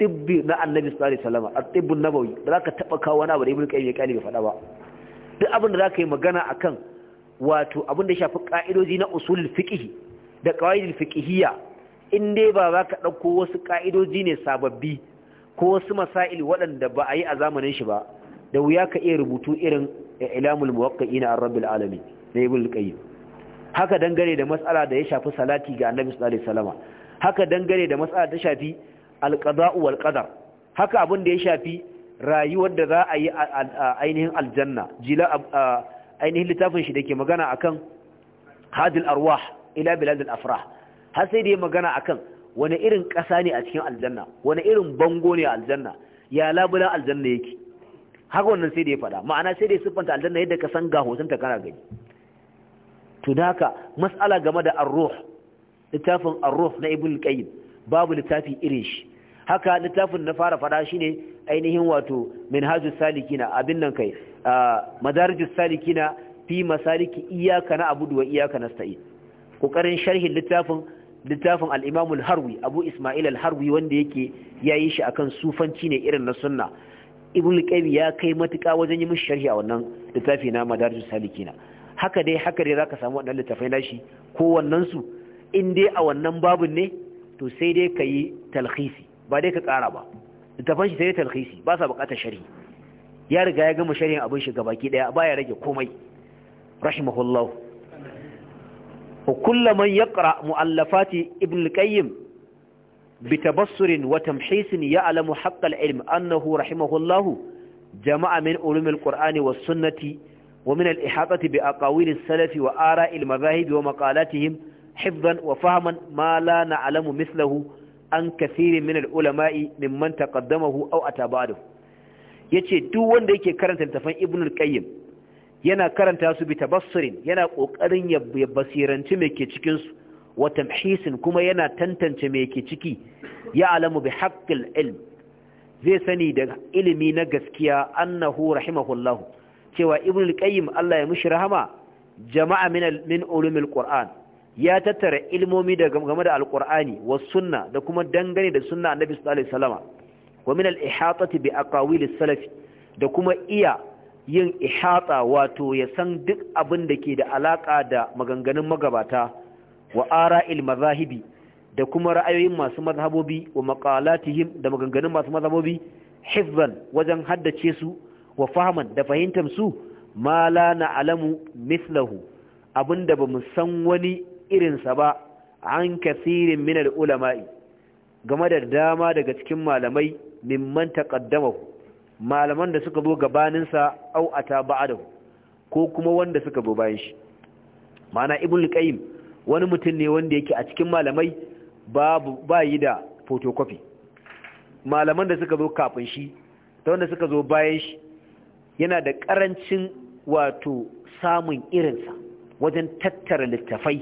tibbi na annabi sallallahu alaihi wasallam at-tibbun nabawi ba za ka taba kawo wani abu da ibnu qayyim ya kani bai faɗa ba duk abin da za yi magana akan wato abin da shafi ka'idoji na usulul fiqh da qawaidul fiqhiyya in dai ba za ka dauko wasu ka'idoji ne sababbi ko wasu masail waɗanda ba a yi a zamanin shi ba da wuya ka iya rubutu irin ilamul muwaqqi'ina ar-rabbil alamin na ibnu qayyim haka dangane da mas'ala da ya shafi salati ga annabi sallallahu alaihi wasallam haka dangane da matsala ta shafi alqada'u wal qadar haka abin da ya shafi rayuwar da za a yi a ainihin aljanna jila ainihin littafin shi dake magana akan hadil arwah ila biladin afrah har sai da ya magana akan wani irin ƙasa ne a cikin aljanna wani irin bango ne a aljanna ya labulan aljanna yake haka wannan sai da ya faɗa ma'ana sai da ya siffanta aljanna yadda ka san ga hotonta kana gani to da haka mas'ala game da arruh littafin arruh na ibn qayyim babu littafi irin shi haka littafin na fara fada shine ainihin wato minhajus salikina abin nan kai madarijus salikina fi masaliki iyyaka abudu wa iyyaka nasta'in kokarin sharhin littafin littafin al-Imam harwi Abu Isma'il al-Harwi wanda yake yayi shi akan sufanci ne irin na sunna Ibn Qayyim ya kai matuƙa wajen yi mishi sharhi a wannan littafi na madarijus salikina haka dai haka dai zaka samu wannan littafai nashi ko wannan su in dai a wannan babun ne to sai dai kayi talhisi ba dai ka ƙara ba littafan shi sai talhisi ba sa buƙatar sharhi ya riga ya gama sharhin abin shi gabaki ba baya rage komai rahimahullah wa kullu ya yaqra mu'allafati ibn qayyim bi tabassurin wa tamhisin ya'lamu haqq al-ilm annahu rahimahullahu jama'a min ulum qurani was sunnati wa min al bi aqawil as wa ara'il al wa maqalatihim hifdhan wa fahman ma la na'lamu mithlahu an kasiri min ulama'i mimman taqaddamahu aw ata yace duk wanda yake karanta littafin ibn al-qayyim yana karanta su bi tabassurin yana ƙoƙarin ya basiranci mai ke cikinsu wa tamhisin kuma yana tantance mai ke ciki ya alamu bi haqqil ilm zai sani da ilimi na gaskiya annahu rahimahullahu cewa ibn al-qayyim Allah ya mushi rahama jama'a min min ulumil qur'an ya tattara ilmomi da game da Alƙur'ani wa sunna da kuma dangane da sunna annabi sallallahu alaihi wasallama wa min al-ihatati bi aqawil salaf da kuma iya yin ihata wato ya san duk abin da ke da alaka da maganganun magabata wa ara'il mazahibi da kuma ra'ayoyin masu mazhabobi wa maqalatihim da maganganun masu mazhabobi hifzan wajen haddace su wa fahman da fahimtar su ma la na'lamu mithlahu abinda bamu san wani irinsa ba an kasirin minar ulama'i game da dama daga cikin malamai mimman taqaddamahu malaman da suka zo gabaninsa au ata ko kuma wanda suka zo bayan shi mana ibn qayyim wani mutum ne wanda yake a cikin malamai babu yi da photocopy malaman da suka zo kafin shi da wanda suka zo bayan shi yana da karancin wato samun irinsa wajen tattara littafai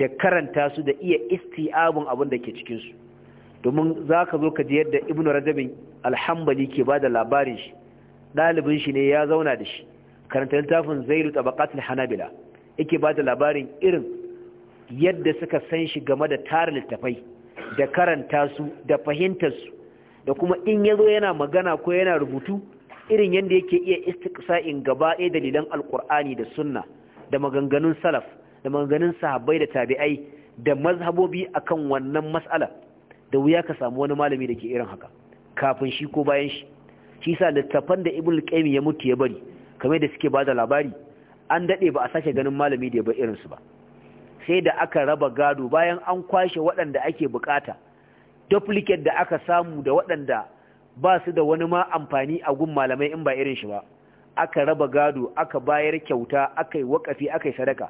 da karanta su da iya isti'abun abin da ke cikinsu domin za ka zo ka ji yadda ibn rajabin alhambali ke ba da labarin shi ɗalibin shi ne ya zauna da shi karanta littafin zairu tabaqatul hanabila yake ba da labarin irin yadda suka san shi game da tara littafai da karanta su da fahimtar su da kuma in ya zo yana magana ko yana rubutu irin yadda yake iya istiqsa'in gaba ɗaya dalilan alkur'ani da sunna da maganganun salaf da maganganun sahabbai da tabi'ai da mazhabobi akan wannan mas'ala da wuya ka samu wani malami da ke irin haka kafin shi ko bayan shi shi sa littafan da ibn qayyim ya mutu ya bari kamar da suke bada labari an dade ba a sake ganin malami da ba irin su ba sai da aka raba gado bayan an kwashe waɗanda ake bukata duplicate da aka samu da waɗanda ba su da wani ma amfani a gun malamai in ba irin shi ba aka raba gado aka bayar kyauta aka yi wakafi aka yi sadaka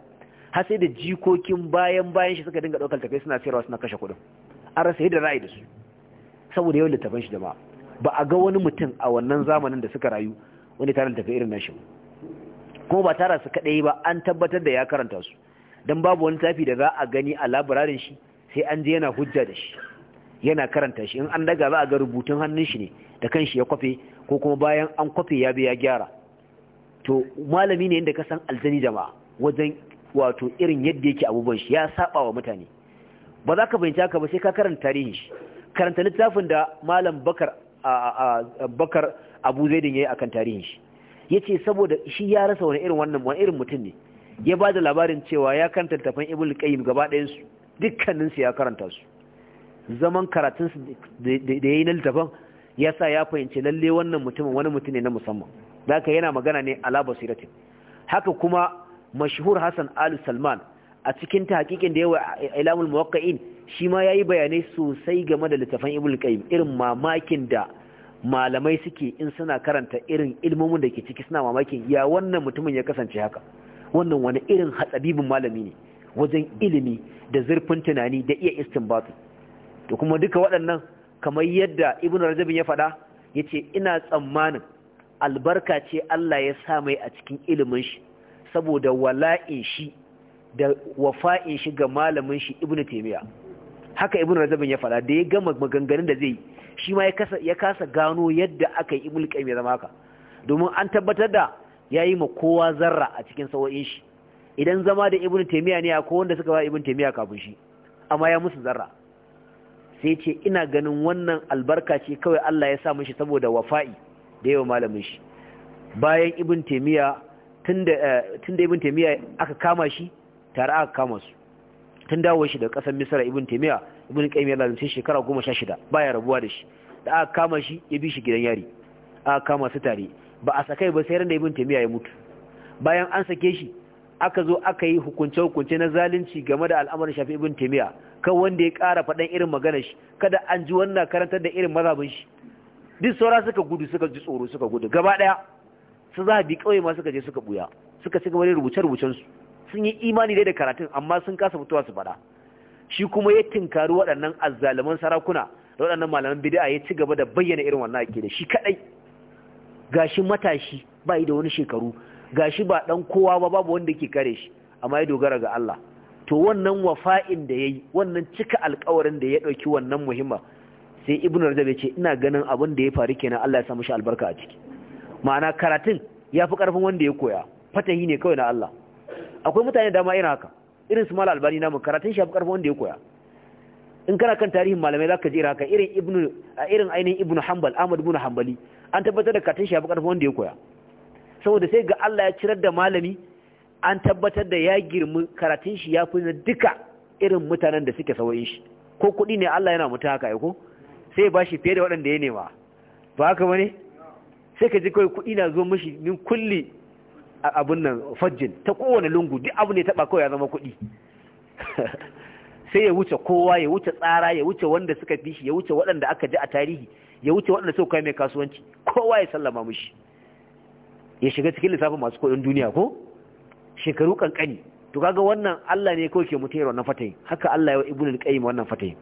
har sai da jikokin bayan bayan shi suka dinga ɗaukar tafai suna sayarwa suna kashe kuɗin an rasa yadda ra'ayi da su saboda yawan littafan shi jama'a ba a ga wani mutum a wannan zamanin da suka rayu wani tarin tafi irin nashi kuma ba tara su kaɗai ba an tabbatar da ya karanta su dan babu wani tafi da za a gani a labirarin shi sai an je yana hujja da shi yana karanta shi in an daga za a ga rubutun hannun shi ne da kan shi ya kwafe ko kuma bayan an kwafe ya bi ya gyara to malami ne inda ka san aljani jama'a wajen wato irin yadda yake abubuwan shi ya saba wa mutane ba za ka fahimci haka ba sai ka karanta tarihin shi karanta littafin da malam bakar bakar abu zaidin yayi akan tarihin shi yace saboda shi ya rasa wani irin wannan wani irin mutum ne ya ba da labarin cewa ya karanta tafan ibn qayyim gaba ɗayan su dukkanin su ya karanta su zaman karatun su da yayin littafin ya sa ya fahimci lalle wannan mutumin wani mutum ne na musamman zaka yana magana ne ala basiratin haka kuma mashhur Hassan Ali Salman a cikin tahqiqin da yawa Ilamul Muwaqqi'in shi ma yayi bayanai sosai game da littafin Ibn Qayyim irin mamakin da malamai suke in suna karanta irin ilmomin da ke ciki suna mamakin ya wannan mutumin ya kasance haka wannan wani irin hatsabibin malami ne wajen ilimi da zurfin tunani da iya istinbatu to kuma duka waɗannan kamar yadda Ibn Rajab ya faɗa ce ina tsammanin albarka ce Allah ya sa mai a cikin ilimin shi saboda wala'in shi da wafa'in shi ga malamin shi ibnu taymiya haka ibnu razabin ya fara da ya gama maganganun da zai shi ma ya kasa gano yadda aka yi ibnu qayyim ya zama haka domin an tabbatar da yayi ma kowa zarra a cikin sawoyin shi idan zama da ibnu taymiya ne akwai wanda suka ba Ibn taymiya kafin shi amma ya musu zarra sai ce ina ganin wannan albarka ce kawai Allah ya sa mishi saboda wafa'i da yawa malamin shi bayan ibn taymiya Eh, tunda ibn taymiya aka kama shi tare aka kama su tun dawo shi da kasar misira ibn taymiya ibn qayyim ya lalace shekara Ba ya rabuwa da shi da aka kama shi ya bi shi gidan yari aka kama su tare ba a sakai ba sai ran da ibn taymiya ya mutu bayan an sake shi aka zo aka yi hukunce hukunce na zalunci game da al'amarin shafi ibn taymiya kan wanda ya ƙara faɗan irin maganar shi kada an ji wannan karantar da irin mazabin shi duk saura suka gudu suka ji tsoro suka gudu gaba ɗaya su za a bi kawai ma suka je suka buya suka ci gaba da rubuce-rubucen su sun yi imani dai da karatun amma sun kasa fitowa su fada shi kuma ya tinkari waɗannan azzaluman sarakuna da waɗannan malaman bid'a ya ci gaba da bayyana irin wannan ake da shi kadai gashi matashi ba yi da wani shekaru gashi ba ɗan kowa ba babu wanda ke kare shi amma ya dogara ga Allah to wannan wafa'in da ya yi, wannan cika alkawarin da ya ɗauki wannan muhimma sai ibnu rajab ya ce ina ganin abin da ya faru kenan Allah ya sa mishi albarka a ciki ma'ana karatun ya fi ƙarfin wanda ya koya fatahi ne kawai na Allah akwai mutane dama irin haka irin su mala albani namun karatun shi ya fi ƙarfin wanda ya koya in kana kan tarihin malamai za ka ji haka irin ibnu a irin ainihin ibnu hanbal ahmad ibnu hanbali an tabbatar da karatun shi ya fi ƙarfin wanda ya koya saboda sai ga Allah ya cirar da malami an tabbatar da ya girmi karatun shi ya fi na duka irin mutanen da suke sauyin shi ko kuɗi ne Allah yana mutu haka ya ko sai ba shi fiye da waɗanda ya nema ba haka ba ne sai ka ji kawai kuɗi na zo mashi min kulli abin nan fajjin ta kowane lungu duk abu ne taɓa kawai ya zama kuɗi (laughs) sai ya wuce kowa ya wuce tsara ya wuce wanda suka fi shi ya wuce waɗanda aka ji a tarihi ya wuce waɗanda suka kai mai kasuwanci kowa ya sallama mashi ya shiga cikin lissafin masu kuɗin duniya ko shekaru kankani to kaga wannan Allah ne kawai ke mutayar wannan fatayin haka Allah ya wa ibnul qayyim wannan fatayin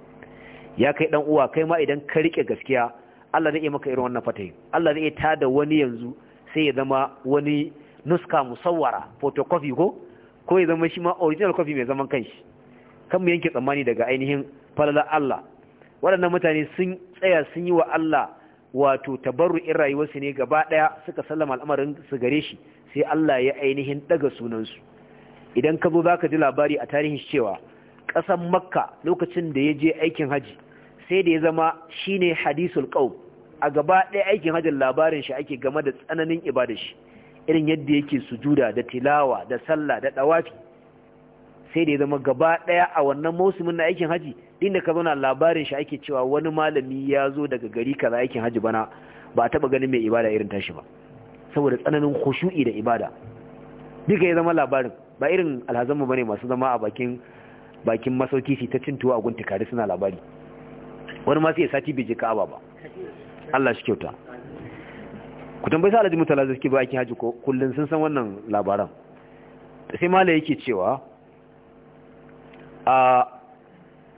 ya kai dan uwa kai ma idan ka rike gaskiya Allah zai iya maka irin wannan fatayin. Allah zai iya tada wani yanzu sai ya zama wani nuska musawwara photocopy ko ko ya zama shi ma original copy mai zaman kanshi kan mu yanke tsammani daga ainihin falala Allah waɗannan mutane sun tsaya sun yi wa Allah wato tabarru in rayuwarsu ne gaba ɗaya suka sallama al'amarin su gare shi sai Allah ya ainihin daga sunansu idan ka zo za ka ji labari a tarihin cewa ƙasan makka lokacin da ya je aikin haji sai da ya zama shine hadisul ƙau a gaba ɗaya aikin hajjar labarin shi ake game da tsananin ibada shi irin yadda yake sujuda da tilawa da sallah da ɗawafi. sai da ya zama gaba ɗaya a wannan mausumin na aikin haji din da ka zauna labarin shi ake cewa wani malami ya zo daga gari kaza aikin haji bana ba a taɓa ganin mai ibada irin tashi ba saboda tsananin khushu'i da ibada duka ya zama labarin ba irin alhazanmu bane masu zama a bakin bakin masauki fitaccen ta cintuwa a kare suna labari wani masu iya sati bai je ka'aba ba Allah shi kyauta ku tambayi sa alajin mutala da ba aikin haji kullum sun san wannan labaran sai mala yake cewa a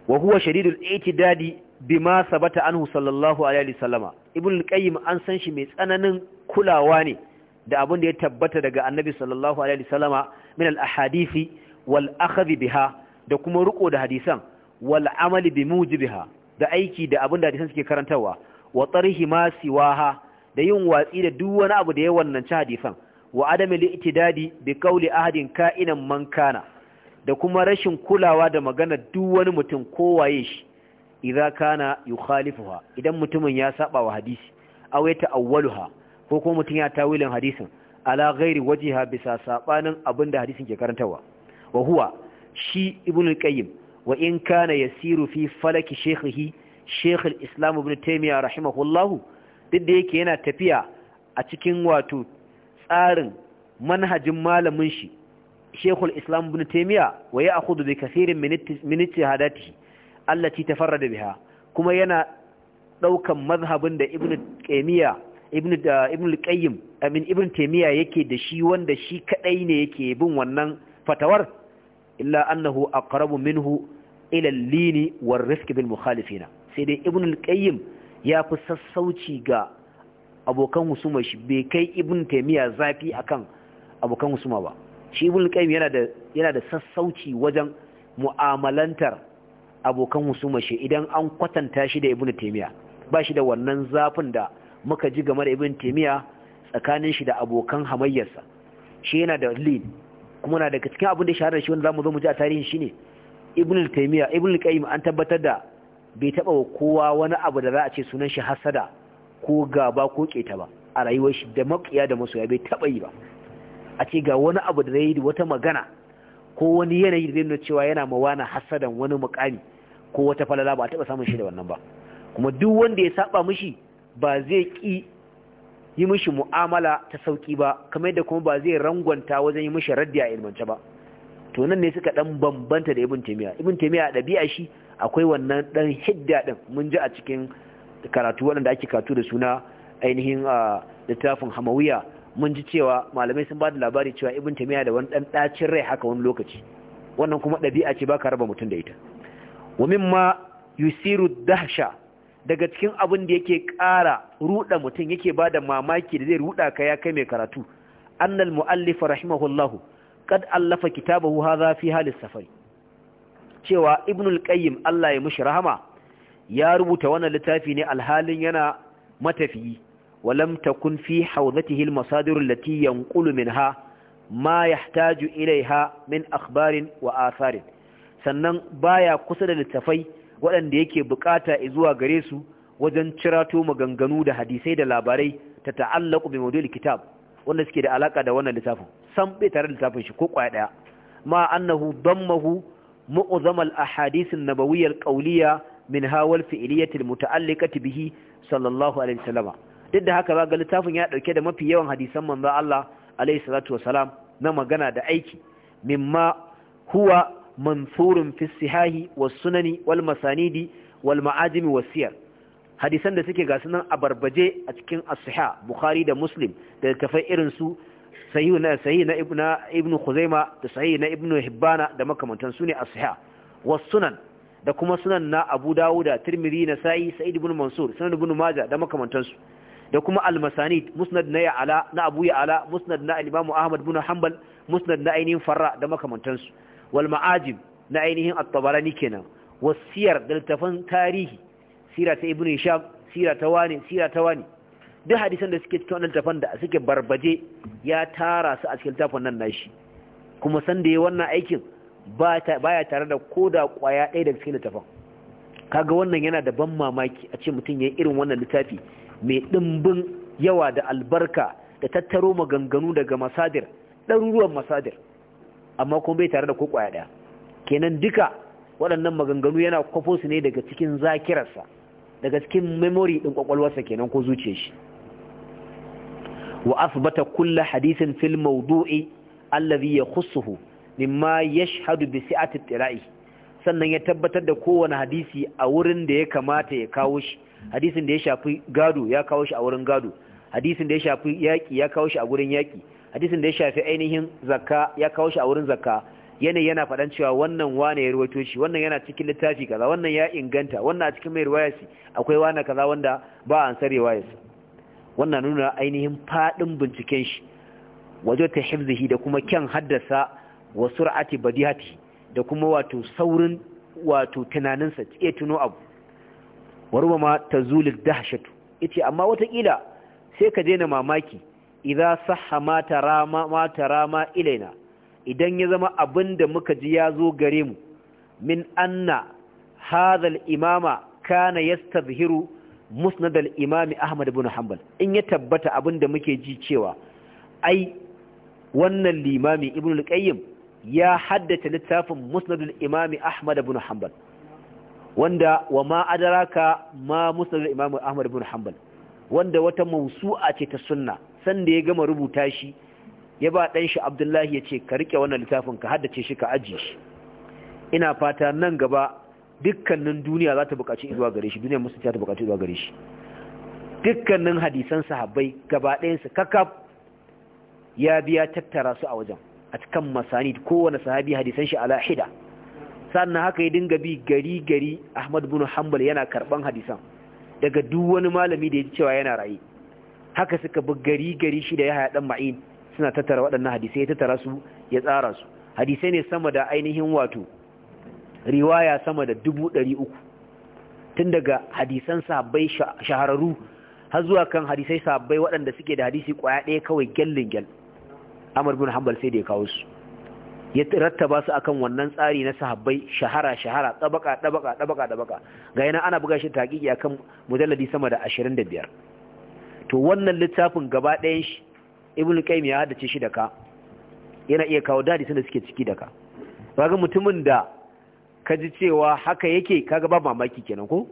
wa huwa sharidul itidadi bima sabata anhu sallallahu alaihi sallama ibn al-qayyim an san shi mai tsananin kulawa ne da abin da ya tabbata daga annabi sallallahu alaihi sallama min al-ahadisi wal akhdh biha da kuma riko da hadisan wal amali bi mujibiha da aiki da abin da hadisan suke karantarwa wa tsarihi ma siwaha da yin watsi da duk wani abu da ya wannanci hadisan wa adami li'tidadi bi qawli ahadin ka'inan man kana da kuma rashin kulawa da magana duk wani mutum ko waye shi idza kana yukhalifuha idan mutumin ya saba wa hadisi aw ya ko kuma mutum ya tawilin hadisin ala ghairi wajiha bisa sabanin abinda hadisin ke karantawa wa huwa shi ibnul qayyim wa in kana yasiru fi falaki shekhihi shekhul islam ibn taimiyya rahimahullahu duk da yake yana tafiya a cikin wato tsarin manhajin malamin shi shekhul islam ibn taimiyya wa ya akudu bi kasirin miniti hadati allati tafarrada biha kuma yana ɗaukan mazhabin da ibn taimiyya ibn da uh, ibn al-qayyim amin ibn taimiyya yake da shi wanda shi kadai ne yake bin wannan fatawar illa annahu aqrabu minhu ila al-lini war rifq bil mukhalifina sai dai ibn al ya fi sassauci ga abokan husuma shi bai kai ibn taymiya zafi akan abokan husuma ba shi ibn al yana da sassauci wajen mu'amalantar abokan husuma shi idan an kwatanta shi da ibn taymiya ba shi da wannan zafin da muka ji game da ibn taymiya tsakanin shi da abokan hamayyarsa shi yana da lin kuma na daga cikin abin da shahara shi wanda za mu zo mu ji a tarihin shine ibn al-taymiya ibn al-qayyim an tabbatar da bai taba wa kowa wani abu da za a ce sunan shi hasada ko gaba ko keta ba a rayuwar shi da makiya da masoya bai taba yi ba a ce ga wani abu da zai wata magana ko wani yanayi da zai nuna cewa yana mawana hasadan wani mukami ko wata falala ba a taba samun shi da wannan ba kuma duk wanda ya saba mishi ba zai ki yi mishi mu'amala ta sauki ba kamar yadda kuma ba zai rangwanta wajen yi mishi raddi a ilmance ba to nan ne suka dan bambanta da ibn taymiya ibn taymiya dabi'a shi akwai wannan dan hidda din mun ji a cikin karatu wanda ake karatu da suna ainihin littafin hamawiya mun ji cewa malamai sun ba da labari cewa ibn taymiya da wani dan dacin rai haka wani lokaci wannan kuma dabi'a ce baka raba mutum da ita wa mimma yusiru dahsha daga cikin abin da yake ƙara ruɗa mutum yake ba da mamaki da zai ruɗa ka ya kai mai karatu annal mu'allifa rahimahullahu kad allafa kitabahu hadha fi halis safari cewa ibnul qayyim Allah ya mushi rahama ya rubuta wannan littafi ne alhalin yana matafiyi walam takun fi hawdatihi almasadir allati yanqulu minha ma yahtaju ilaiha min akhbarin wa asarin. sannan baya kusa da littafai waɗanda yake bukata zuwa gare su wajen cirato maganganu da hadisai da labarai ta ta'allaku bi mawdu'il kitab wanda suke da alaka da wannan littafin san bai tare da littafin shi ko kwaya daya ma annahu dammahu mu'zam al ahadith an nabawiyya al qawliya min hawal fi'liyyah al muta'alliqati bihi sallallahu alaihi wasallam duk da haka ga littafin ya dauke da mafi yawan hadisan manzo Allah alaihi salatu wasalam na magana da aiki mimma huwa mansurun fi sihahi was sunani wal masanidi wal ma'ajimi was siyar hadisan da suke gasu nan a barbaje a cikin as-siha bukhari da muslim da tafai irin su sahihu na sahihu na ibnu ibnu khuzaima da sahihu na ibnu hibbana da makamantan su ne as-siha was sunan da kuma sunan na abu dawuda tirmidhi na sa'i sa'id ibn mansur sunan ibn majah da makamantan su da kuma al-masanid musnad na ya'ala na abu ya'ala musnad na al-imam ahmad ibn hanbal musnad na ainihin farra da makamantan su wal ma'ajib na ainihin at-tabarani kenan wasiyar da tarihi sira ta ibnu hisham sira ta wani sira ta wani duk hadisan da suke cikin wannan da suke barbaje ya tara su a cikin littafin nan nashi kuma san da yayi wannan aikin baya tare da koda kwaya ɗaya daga cikin littafin kaga wannan yana da ban mamaki a ce mutum yi irin wannan littafi mai dimbin yawa da albarka da tattaro maganganu daga masadir ɗaruruwan masadir amma kuma bai tare da ko kwaya daya kenan duka waɗannan maganganu yana kwafo su ne daga cikin zakirarsa daga cikin memory din kwakwalwarsa kenan ko zuciyar shi wa asbata kullu hadithin fil mawdu'i alladhi yakhussuhu mimma yashhadu bi si'ati tirai sannan ya tabbatar da kowane hadisi a wurin da ya kamata ya kawo shi hadisin da ya shafi gado ya kawo shi a wurin gado hadisin da ya shafi yaƙi ya kawo shi a gurin yaƙi hadisin da ya shafi ainihin zakka ya kawo shi a wurin zakka yanayi yana faɗan cewa wannan wane ya ruwaito shi wannan yana cikin littafi kaza wannan ya inganta wannan a cikin mai shi akwai wane kaza wanda ba an san riwayarsa wannan nuna ainihin faɗin binciken shi wajen ta hifzihi da kuma kyan haddasa wa sur'ati badihati da kuma wato saurin wato tunaninsa ya tuno abu warwa ma ta dahshatu yace amma watakila sai ka daina mamaki idza sahha ma tara ma tara ma ilaina idan ya zama abinda muka ji ya zo gare mu min anna hadha al-imama kana yastadhhiru musnad al-imami Ahmad ibn Hanbal in ya tabbata abinda muke ji cewa ai wannan limami ibn al-Qayyim ya haddace littafin musnad al-imami Ahmad ibn Hanbal wanda wa ma adraka ma musnad al-imami Ahmad ibn Hanbal wanda wata mawsu'a ce ta sunna sanda ya gama rubuta shi ya ba ɗan shi abdullahi ya ce ka riƙe wannan littafin ka haddace shi ka ajiye shi ina fata nan gaba dukkanin duniya za ta buƙaci zuwa gare shi duniya musulunci za ta buƙaci zuwa gare shi dukkanin hadisan sahabbai gaba ɗayansu kakaf ya biya tattara su a wajen a cikin masani kowane sahabi hadisan shi ala hida sannan haka ya dinga bi gari gari ahmad bin hanbal yana karɓan hadisan daga duk wani malami da ya cewa yana raye haka suka bi gari gari shi da ya haya dan ma'in suna tattara waɗannan hadisai ya tattara su ya tsara su hadisai ne sama da ainihin wato riwaya sama da dubu ɗari uku tun daga hadisan sahabbai shahararru har zuwa kan hadisai sahabbai waɗanda suke da hadisi ƙwaya ɗaya kawai gyallin gyal amur bin hanbal sai da ya kawo su ya rattaba su akan wannan tsari na sahabbai shahara shahara tabaka tabaka tabaka tabaka ga yana ana buga shi taƙiƙi akan mujalladi sama da ashirin da biyar. to wannan littafin gaba ɗayan shi ibn qayyim ya ce shi da ka yana iya kawo dadi sanda suke ciki da ka kaga mutumin da ka ji cewa haka yake kaga ba mamaki kenan ko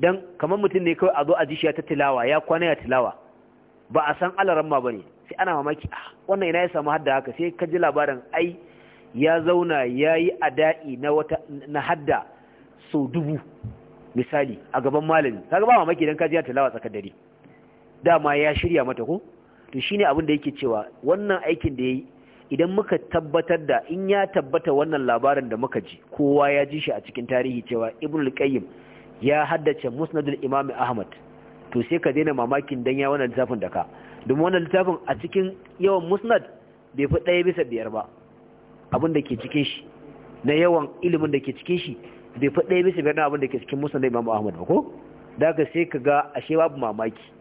dan kamar mutum ne kawai a zo a ji shi ya ta tilawa ya kwana ya tilawa ba a san alaran ba ne sai ana mamaki ah wannan ina ya samu hadda haka sai ka ji labarin ai ya zauna ya yi ada'i na wata na hadda sau dubu misali a gaban malami kaga ba mamaki dan ka ji ya tilawa tsakar dare dama ya shirya mata ko to shine abin da yake cewa wannan aikin da yayi idan muka tabbatar da in ya tabbata wannan labarin da muka ji kowa ya ji shi a cikin tarihi cewa ibn al-qayyim ya haddace musnadul imam ahmad to sai ka daina mamakin dan ya wannan littafin da ka domin wannan littafin a cikin yawan musnad bai fi ɗaya bisa biyar ba abin da ke cikin shi na yawan ilimin da ke cikin shi bai fi ɗaya bisa biyar na abin da ke cikin musnad imam ahmad ba ko da ka sai ka ga ashe babu mamaki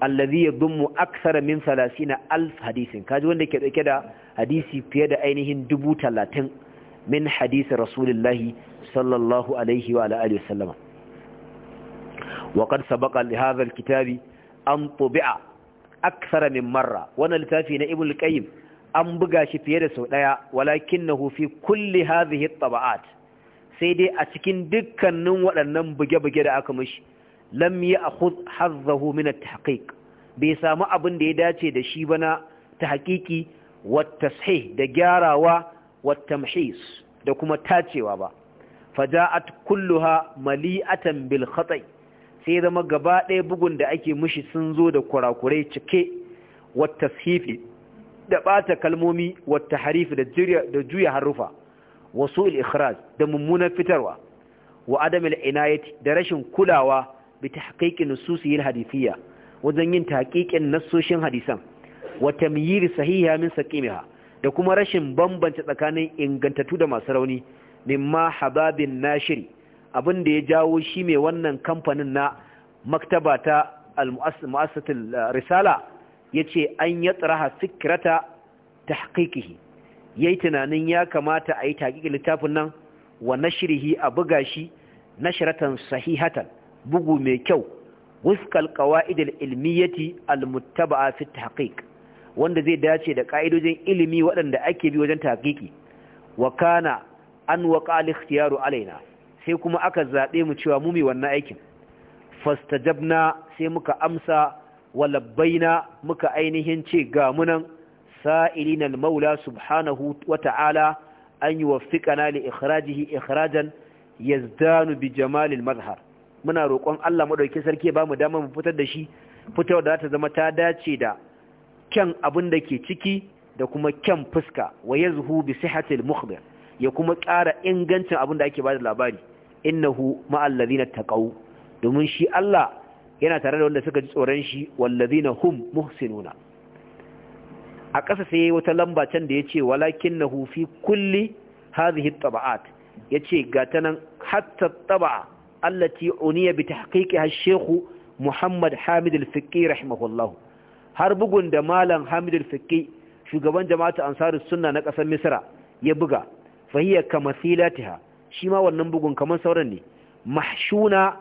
alladhi yadummu aksara min 30 alf hadisin kaji wanda ke dauke da hadisi fiye da ainihin 30 min hadisi rasulullahi sallallahu alaihi wa alihi wasallama wa qad sabaqa li hadha alkitabi an tubi'a aksara min marra wannan littafi na ibnu an buga shi fiye da sau daya walakinahu fi kulli hadhihi at-taba'at sai dai a cikin dukkanin waɗannan buge-buge da aka mishi lam ya akhud hazzahu min at bai samu abin da ya dace da shi na ta haƙiƙi wat da gyarawa wat-tamhis da kuma tacewa ba faja'at kulluha mali'atan bil khata'i sai zama gaba ɗaya bugun da ake mushi sun zo da kurakurai cike wata sifi da ɓata kalmomi wata harifi da juya harufa wasu ikhraj da mummunan fitarwa wa adamil inayat da rashin kulawa bi tahqiqi nususihi alhadithiyya wajen yin tahqiqin nassoshin hadisan wa tamyiri sahiha min saqimiha da kuma rashin bambanta tsakanin ingantatu da masu rauni mimma hababin nashiri abin da ya jawo shi mai wannan kamfanin na maktaba ta al-mu'assasatul uh, risala yace an yatraha fikrata tahqiqihi yayi tunanin ya kamata a yi tahqiqin littafin nan wa nashrihi a buga shi nashratan sahihatan bugu mai kyau wuskal qawaid ilmiyyati ilmiyati al fi tahqiq wanda zai dace da ka'idojin ilimi waɗanda ake bi wajen tahqiqi wa kana an waqa al-ikhtiyaru alaina sai kuma aka zabe mu cewa mu mi wannan aikin fastajabna sai muka amsa wa labbaina muka ainihin ce ga munan sa'ilina maula subhanahu wa ta'ala an yuwaffiqana li ikhrajihi ikhrajan yazdanu bi jamalil mazhar muna roƙon Allah maɗauki sarki ya bamu dama mu fitar da shi fitar da ta zama ta dace da kyan abin da ke ciki da kuma kyan fuska wa Zuhu bi mukhbir ya kuma ƙara ingancin abin da ake ba da labari innahu ma'al ladina taqaw domin shi Allah yana tare da wanda suka ji tsoron shi wallazina hum muhsinuna a ƙasa sai wata lamba can da yace walakinnahu fi kulli hadhihi at-taba'at yace ga tanan hatta taba'a allati uniya bi tahqiqiha ash-shaykh Muhammad Hamid al-Fiqi har bugun da malam Hamid al shugaban jama'atu Ansarus Sunna na ƙasar Misra ya buga fahiya kamathilatiha shi ma wannan bugun kamar sauran ne mahshuna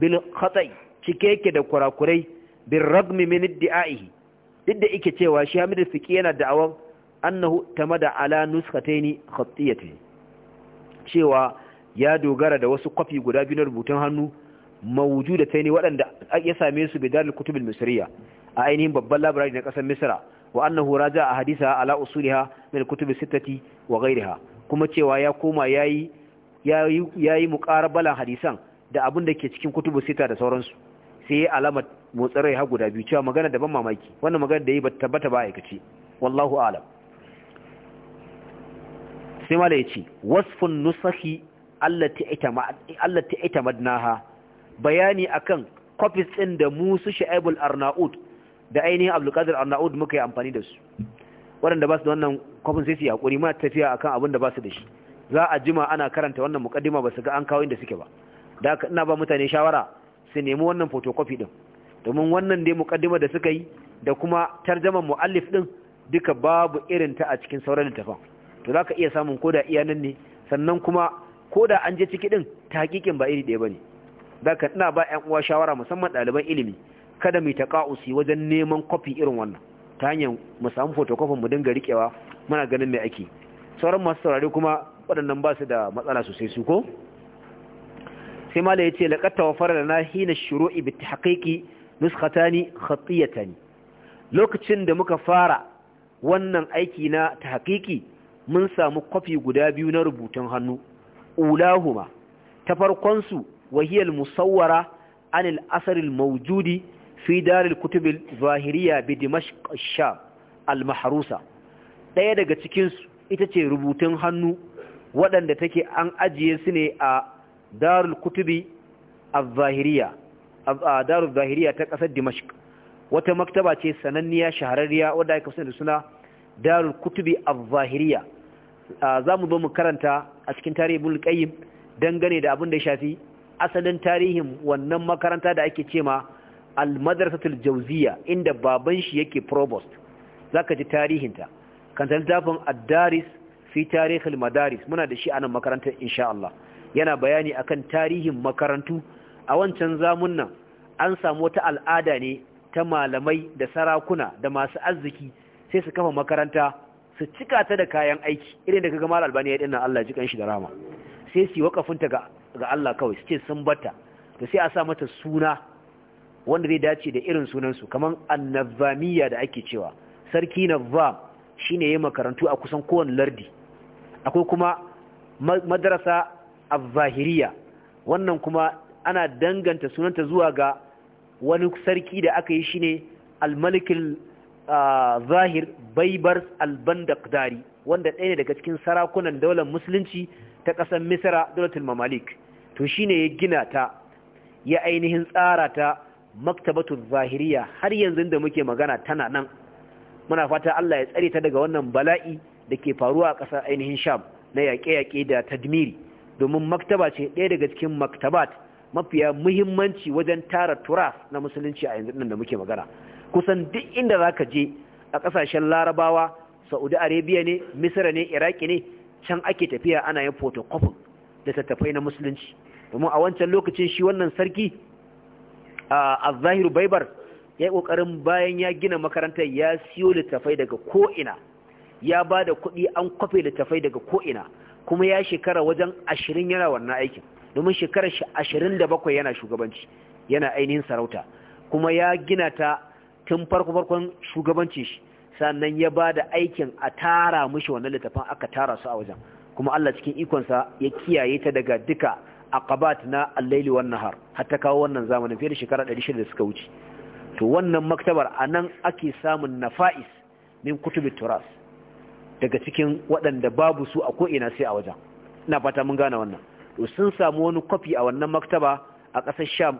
bil khata'i yake da kurakurai bil ragmi min iddi'aihi duk da cewa shi Hamid al yana da'awan annahu da ala nuskhataini khattiyatayn cewa ya dogara da wasu kwafi guda biyu na rubutun hannu mawuju da taini waɗanda ya same su bidarul kutubin misriya a ainihin babban labarai na ƙasar misra wa annahu raja a hadisa ala usuliha min kutubi sittati wa ghairiha kuma cewa ya koma yayi yayi yayi muqarabalan hadisan da abin da ke cikin kutubu sita da sauransu sai alamar motsin rai har guda biyu cewa magana daban mamaki wannan magana da yi ba tabbata ba aikace wallahu alam sai mala ce wasfun nusahi Allah ta allati ha? bayani akan copies ɗin da musu sha'ibul arnaud da ainihin abdulkadir arnaud muka yi amfani da su waɗanda ba su da wannan copies sai su yi hakuri ma tafiya kan abin da ba su da shi za a jima ana karanta wannan mukaddima ba su ga an kawo inda suke ba da ina ba mutane shawara su nemi wannan fotokofi ɗin, domin wannan dai mukaddima da suka yi da kuma tarjaman muallif ɗin duka babu irin ta a cikin sauran littafin to za ka iya samun koda iyanan ne sannan kuma ko da an je ciki din hakikin ba iri ɗaya ba ne. Da ina ba 'yan uwa shawara musamman ɗaliban ilimi kada mu taqa'usi wajen neman kwafi irin wannan ta hanyar mu samu photocopy mu dinga riƙewa muna ganin mai ake sauran masu saurari kuma waɗannan ba su da matsala sosai su ko sai mala wa fara da na hina ta bi nuskatani nuskhatani khatiyatan lokacin da muka fara wannan aiki na ta haƙiƙi mun samu kwafi guda biyu na rubutun hannu ulahuma ta farkon su wahiyal musawwara anil asaril mawjudi fi daril kutubin zahiriya bi dimashq ash-sham al-mahrusa daya daga cikinsu ita ce rubutun hannu waɗanda take an ajiye su ne a darul kutubi al-zahiriya a zahiriya ta ƙasar dimashq wata maktaba ce sananniya shahararriya wadda aka fi da suna darul kutubi al-zahiriya Ah, za mu zo mu karanta a cikin tarihi bul qayyim dangane da abin da ya shafi asalin tarihin wannan makaranta da ake cema al madrasatul jawziya inda baban shi yake provost zaka ji tarihinta kan littafin addaris fi tarihil madaris muna da shi a nan makarantar insha Allah yana bayani akan tarihin makarantu a wancan zamun nan an samu wata al'ada ne ta malamai da sarakuna da masu arziki sai su kafa makaranta su cika ta da kayan aiki irin da kaga mal albani ya dinnan Allah ji shi da rama sai su wakafin ta ga Allah kawai su ce sun bata da sai a sa mata suna wanda zai dace da irin sunansu, kamar kaman da ake cewa sarki navam shine yayin makarantu a kusan kowane lardi akwai kuma madarasa a zahiriya wannan kuma ana danganta sunanta zuwa ga wani sarki da aka yi shine al zahir baibar albandaqdari wanda ɗaya ne daga cikin sarakunan daular musulunci ta ƙasar misra daulatul mamalik to shine ya gina ta ya ainihin tsara ta maktabatul zahiriya har yanzu da muke magana tana nan muna fata Allah ya tsare ta daga wannan bala'i da ke faruwa a ƙasar ainihin sham na yaƙe-yaƙe da tadmiri domin maktaba ce ɗaya daga cikin maktabat mafiya muhimmanci wajen tara turas na musulunci a yanzu da muke magana kusan duk inda za ka je a ƙasashen larabawa saudi arabia ne misira ne iraki ne can ake tafiya ana yin photocopy da tattafai na musulunci domin a wancan lokacin shi wannan sarki a zahiru baibar ya yi ƙoƙarin bayan ya gina makarantar ya siyo littafai daga ko'ina ya ba da kuɗi an kwafe littafai daga ko'ina kuma ya shekara wajen ashirin yana wannan aikin domin shekarar shi ashirin da bakwai yana shugabanci yana ainihin sarauta kuma ya gina ta tun farko farkon shugabancin shi sannan ya ba da aikin a tara mushi wannan littafin aka tara su a wajen kuma Allah cikin ikonsa ya kiyaye ta daga duka aqabat na al-laili wan nahar ta kawo wannan zamanin fiye da shekara 600 da suka wuce to wannan maktabar anan ake samun nafa'is min kutubit turas daga cikin waɗanda babu su a ko'ina sai a wajen ina fata mun gane wannan to sun samu wani kwafi a wannan maktaba a ƙasar sham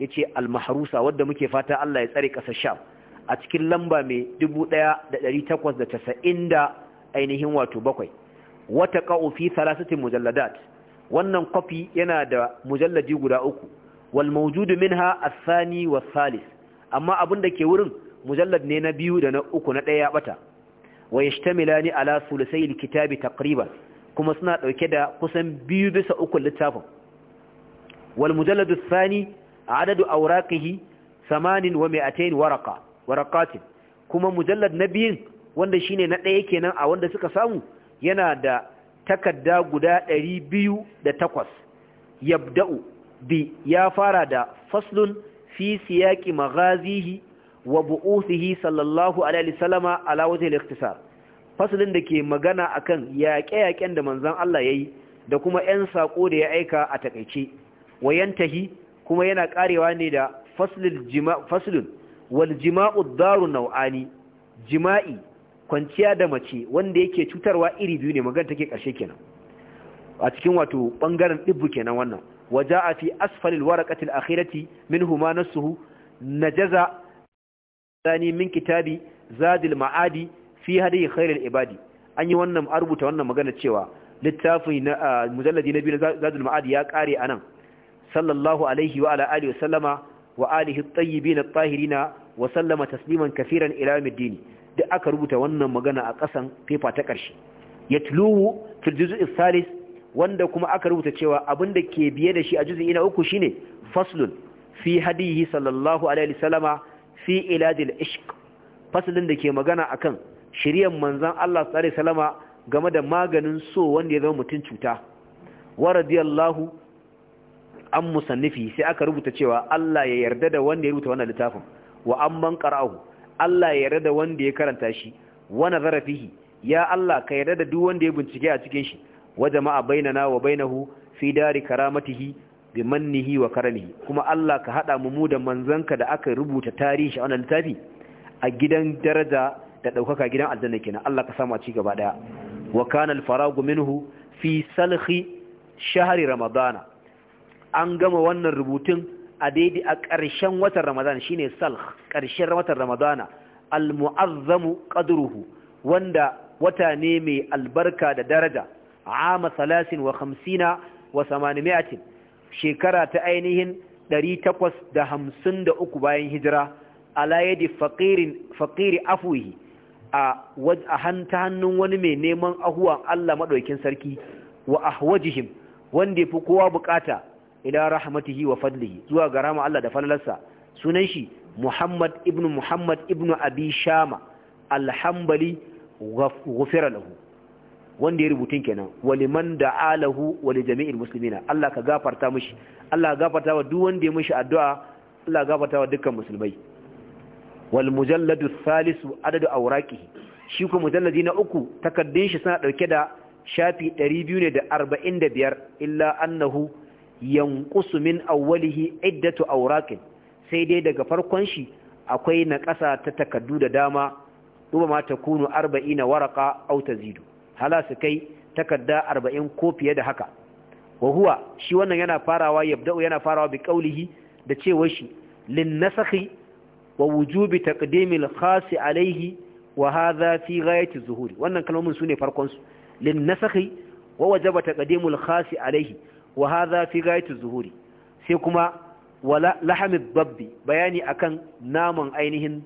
yace ce almaharusa wadda muke fata Allah ya tsare kasar Sham a cikin lamba mai 1890 da ainihin wato bakwai wata ƙa'ofi fi mujalladat wannan kwafi yana da mujalladi guda uku wal mawjudu minha a Sani wa thalith amma abin da ke wurin mujallad ne na biyu da na uku na ɗaya bata wa yashtamilani ala sulusai likitabi kitabi kuma suna ɗauke da kusan biyu bisa uku littafin wal mujalladu Sani? adadu auraqihi samanin wa mi'atain waraqa waraqatin kuma mujallad na biyun wanda shine na ɗaya kenan a wanda suka samu yana da takarda guda ɗari biyu da takwas yabda'u bi ya fara da faslun fi siyaqi maghazihi wa bu'uthihi sallallahu alaihi wasallama ala wajhi al-ikhtisar faslin da ke magana akan yaƙe-yaƙen da manzon Allah yayi da kuma 'yan sako da ya aika a takeice wayantahi kuma yana karewa ne da faslun wal daru nau'ani jima'i kwanciya da mace wanda yake cutarwa iri biyu ne magana take karshe kenan a cikin wato bangaren dibbu kenan wannan a fi asfalil waraqati al akhirati minhu ma nasuhu najaza ثاني min kitabi, زاد ma'adi في هدي خير العبادي an yi wannan rubuta wannan magana cewa littafi na mujalladi na biyu na zadul ma'ad ya kare anan sallallahu alaihi wa ala alihi wa sallama wa alihi tayyibin at wa sallama tasliman kaseeran ila yawmiddin duk aka rubuta wannan magana a kasan fefa ta ƙarshe yatluhu fil juz'i salis wanda kuma aka rubuta cewa abinda ke biye da shi a juz'i na uku shine faslun fi hadihi sallallahu alaihi wa sallama fi ilajil ishq Faslun da ke magana akan shiryan manzan Allah sallallahu alaihi sallama game da maganin so wanda ya zama mutun cuta wa radiyallahu an musannifi sai aka rubuta cewa Allah ya yarda da wanda ya rubuta wannan littafin wa amman qara'ahu Allah ya yarda da wanda ya karanta shi wa nazara fihi ya Allah ka yarda da duk wanda ya bincike a cikin shi wa jama'a bainana wa bainahu fi dari karamatihi bi mannihi wa karamihi kuma Allah ka hada mu mu da manzanka da aka rubuta tarihi a wannan littafi a gidan daraja da daukaka gidan aljanna kenan Allah ka samu a ci gaba daya wa kana al-faragu minhu fi salhi shahri ramadana an gama wannan rubutun a daidai a ƙarshen watan ramadan shine salh ƙarshen watan ramadana almu'azzamu qadruhu wanda wata ne mai albarka da daraja ama salasin wa hamsina wa samanimiyatin shekara ta ainihin ɗari takwas da hamsin da uku bayan hijira ala yadi faƙiri afuhi a hanta hannun wani mai neman ahuwan Allah maɗaukin sarki wa ahwajihim wanda ya fi kowa bukata ila rahmatihi wa fadlihi zuwa ga Allah da falalarsa sunan shi Muhammad ibn Muhammad ibn Abi Shama al ghufira lahu wanda ya rubutun kenan waliman da alahu wali jami'il muslimina Allah ka gafarta mishi Allah gafarta wa duk wanda ya mishi addu'a Allah gafarta wa dukkan musulmai wal mujalladu thalithu adadu awraqihi shi ko mujalladi na uku takardun shi suna dauke da shafi 245 illa annahu yanqusu min awwalihi iddatu awraqin sai dai daga farkon shi akwai na ƙasa ta takaddu da dama duba ma takunu 40 waraqa aw tazidu hala su kai takadda 40 ko fiye da haka wa huwa shi wannan yana farawa yabda'u yana farawa bi qawlihi da cewa shi lin nasakhi wa wujubi taqdimil khasi alayhi wa hadha fi ghayati zuhuri wannan kalmomin sune farkon su lin nasakhi wa wajaba taqdimul khasi alayhi wa hadha fi zuhuri sai kuma wala lahamid babbi bayani akan naman ainihin